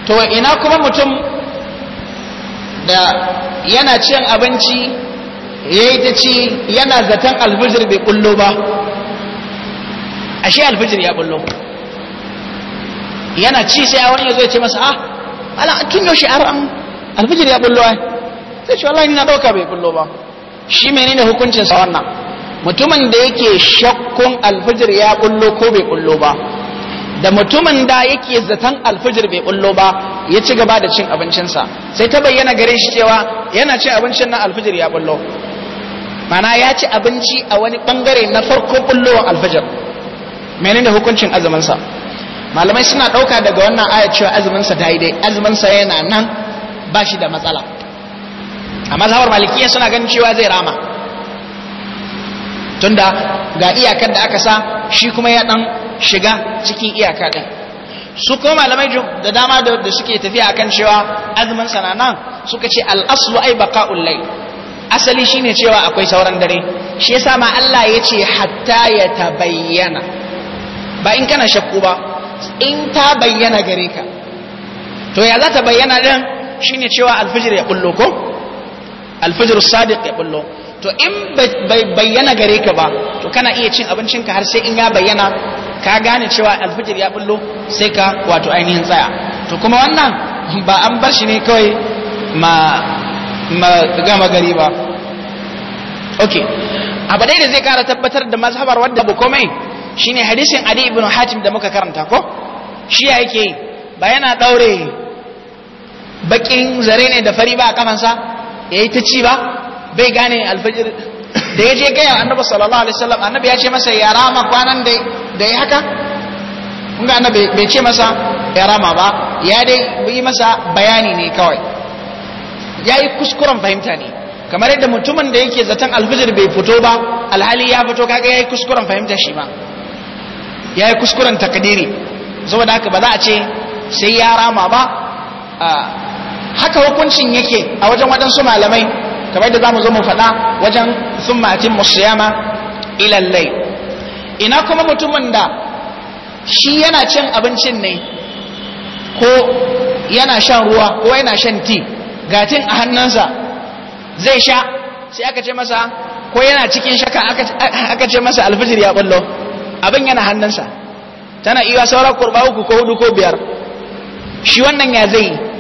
to ina kuma mutum da yana cin abinci ya yi ta ci yana zaton alfijir bai kullo ba ashe alfijir ya kullo yana ci sai a wani ya ce masa ah ala tun yaushe an alfijir ya kullo ai sai shi wallahi ni na dauka bai kullo ba shi menene hukuncin sa wannan mutumin da yake shakkun alfijir ya kullo ko bai kullo ba da mutumin da yake zaton alfijir bai kullo ba ya ci gaba da cin abincinsa sai ta bayyana gare shi cewa yana cin abincin na alfijir ya kullo mana ya ci abinci a wani bangare na farko wa alfijir menene hukuncin azuminsa malamai suna ɗauka daga wannan ayat cewa azuminsa daidai azuminsa yana nan bashi da matsala a mazhabar malikiya suna ganin cewa zai rama tunda ga iyakar da aka sa shi kuma ya dan shiga cikin iyaka din su kuma malamai da dama da suke tafiya akan cewa azumin sananan suka ce al-aslu ay baqa'ul layl asali shine cewa akwai sauran dare shi yasa ma Allah ya ce hatta ya tabayyana ba in kana shakku ba in ta bayyana gare ka to ya za ta bayyana din shine cewa al-fajr ya kullo ko alfajir sadiq ya bullo to in bai bayyana gare ka ba to kana iya cin abincin ka har sai in ya bayyana ka gane cewa alfajir ya bullo sai ka wato ainihin tsaya to kuma wannan ba an bar shi ne kawai ma ma gama gari ba okay abu dai da zai kara tabbatar da mazhabar wadda bu komai shine hadisin Ali ibn Hatim da muka karanta ko shi yake ba yana daure bakin zare ne da fari ba a kafansa yayi ta ci ba bai gane alfajir da ya je gaya annabi sallallahu alaihi wasallam annabi ya ce masa ya rama kwanan da da ya haka kun ga annabi bai ce masa ya rama ba ya dai yi masa bayani ne kawai ya yi kuskuren fahimta ne kamar yadda mutumin da yake zaton alfajir bai fito ba alhali ya fito kaga ya yi kuskuren fahimta shi ma ya yi kuskuren takadiri saboda haka ba za a ce sai ya rama ba haka hukuncin yake a wajen waɗansu malamai kamar da za mu zo mu faɗa wajen sun matin musayama ilallai ina kuma mutumin da shi yana cin abincin ne ko yana shan ruwa ko yana shan ti gatin a hannunsa zai sha sai aka ce masa ko yana cikin shaka aka ce masa alfijir ya ballo abin yana hannunsa tana iya sauran kurba uku ko hudu ko biyar shi wannan ya zai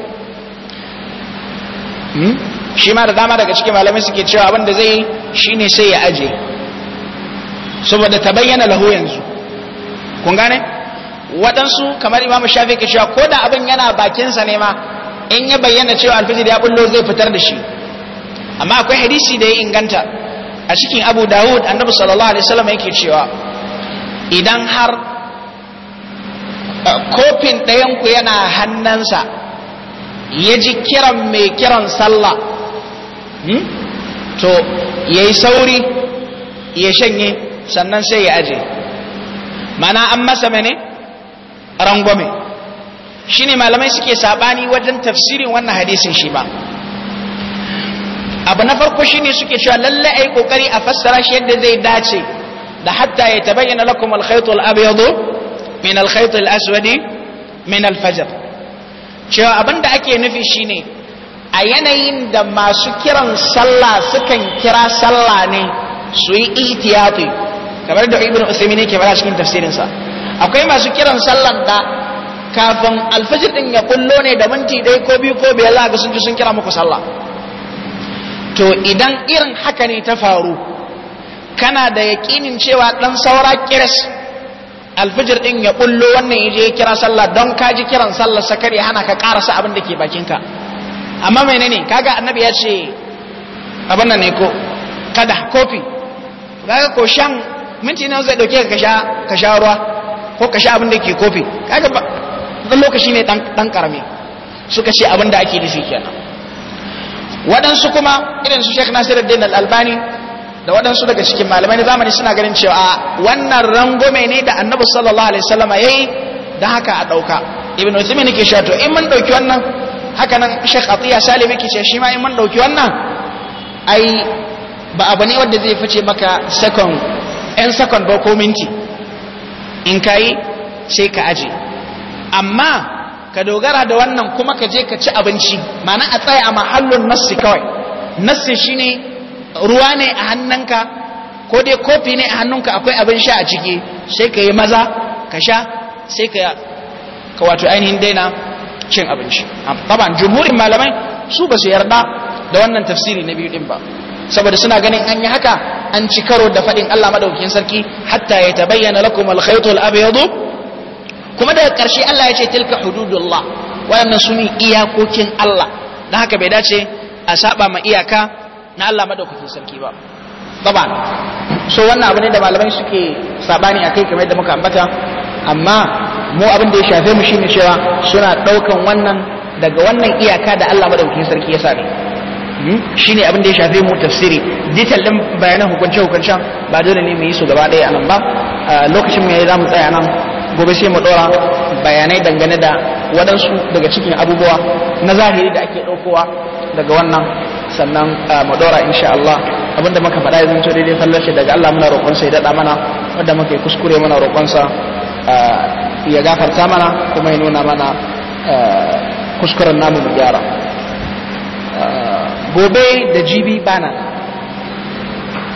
Hmm? shi ma da dama daga cikin malamai suke cewa abin zai yi shi ne sai ya aje saboda ta bayyana lahu yanzu kun gane waɗansu kamar imamu shafi ke cewa ko da abin yana bakinsa ne ma in ya bayyana cewa alfijir ya bullo zai fitar da shi amma akwai hadisi da ya inganta a cikin abu dawud annabi sallallahu alaihi wasallam yake cewa idan har eh, kofin ɗayanku yana hannansa ya ji kiran mai kiran sallah hmm? to ya yi sauri ya shanye sannan sai ya aje mana an masa mene rangwame shi ne malamai suke saɓani wajen tafsirin wannan hadisin shi ba abu na farko shi ne suke cewa lalle a yi ƙoƙari a fassara shi yadda zai dace da hatta ya tabayyana lakum alkhaitul abyadu min alkhaitul aswadi min alfajar cewa abinda ake nufi shine a yanayin da masu kiran sallah sukan kira sallah ne su yi itiyati kamar da ibn ne yake fara cikin tafsirinsa akwai masu kiran sallar da kafin alfajir din ya kullo ne da minti ɗaya ko biyu ko biyar laga sun ji sun kira muku sallah to idan irin haka ne ta faru kana da yaƙinin cewa ɗan saura kiris alfijir din ya bullo wannan yaje ya kira sallah don ka ji kiran sallah sa kare hana ka karasa abin da ke bakinka amma menene kaga annabi ya ce abin nan ne ko kada kofi kaga ko shan minti nawa zai dauke ka sha ka sha ruwa ko ka sha abin da ke kofi kaga ba dan lokaci ne dan dan karami suka ce abin da ake nufi kenan waɗansu kuma irin su Sheikh Nasiruddin Al-Albani da waɗansu daga cikin malamai na zamani suna ganin cewa wannan rangume ne da annabi sallallahu alaihi wasallam yayi da haka a dauka ibnu uthaymeen yake cewa to in mun dauki wannan haka nan shaykh atiya salim yake cewa shi ma in mun dauki wannan ai ba abu ne wanda zai fice maka second ɗan second ba ko minti in kai sai ka aje amma ka dogara da wannan kuma ka je ka ci abinci ma'ana a tsaya a mahallin nassi kawai nassi shine ruwa ne a hannunka ko dai kofi ne a hannunka akwai abin sha a ciki sai ka yi maza ka sha sai ka wato ainihin daina cin abinci amma jumhurin malamai su ba su yarda da wannan tafsiri na biyu din ba saboda suna ganin an yi haka an ci karo da faɗin Allah madaukakin sarki hatta ya tabayyana lakum al-khayt al-abyad kuma daga ƙarshe Allah ya ce tilka hududullah waɗannan su iyakokin Allah dan haka bai dace a saba ma iyaka na Allah madaukakin sarki ba baba so wannan abu ne da malamai suke sabani akai kamar da muka ambata amma mu abin da ya shafe mu shine cewa suna daukan wannan daga wannan iyaka da Allah madaukakin sarki ya sani hmm? shine abin da ya shafe mu tafsiri detail din bayanan hukunce hukuncen ba dole ne mu yi su gaba daya anan ba lokacin mu yayi zamu tsaya nan gobe sai mu dora bayanai dangane da waɗansu daga cikin abubuwa na zahiri da ake ɗaukowa daga wannan sannan ah, mu daura insha Allah abinda muka faɗa yanzu to daidai sallar shi daga Allah muna roƙon sa ya dada mana wanda muka yi kuskure muna roƙon sa ah, ya gafarta mana kuma ya nuna mana ah, kuskuren namu mu gyara gobe da jibi bana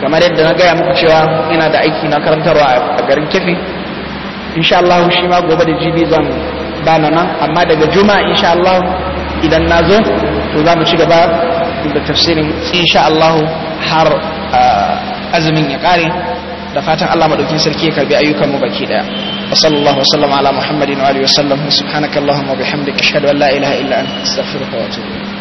kamar yadda na gaya muku cewa ina da aiki na karantarwa a garin kefi insha Allah shi ma gobe da jibi zan bana nan amma daga juma'a insha Allah idan na zo to za mu ci gaba da tafsirin insha Allah har azumin ya kare da fatan Allah madaukin sarki ya karbi ayyukan mu baki daya wa sallallahu ala muhammadin wa alihi wa sallam subhanakallahumma wa bihamdika ashhadu la ilaha illa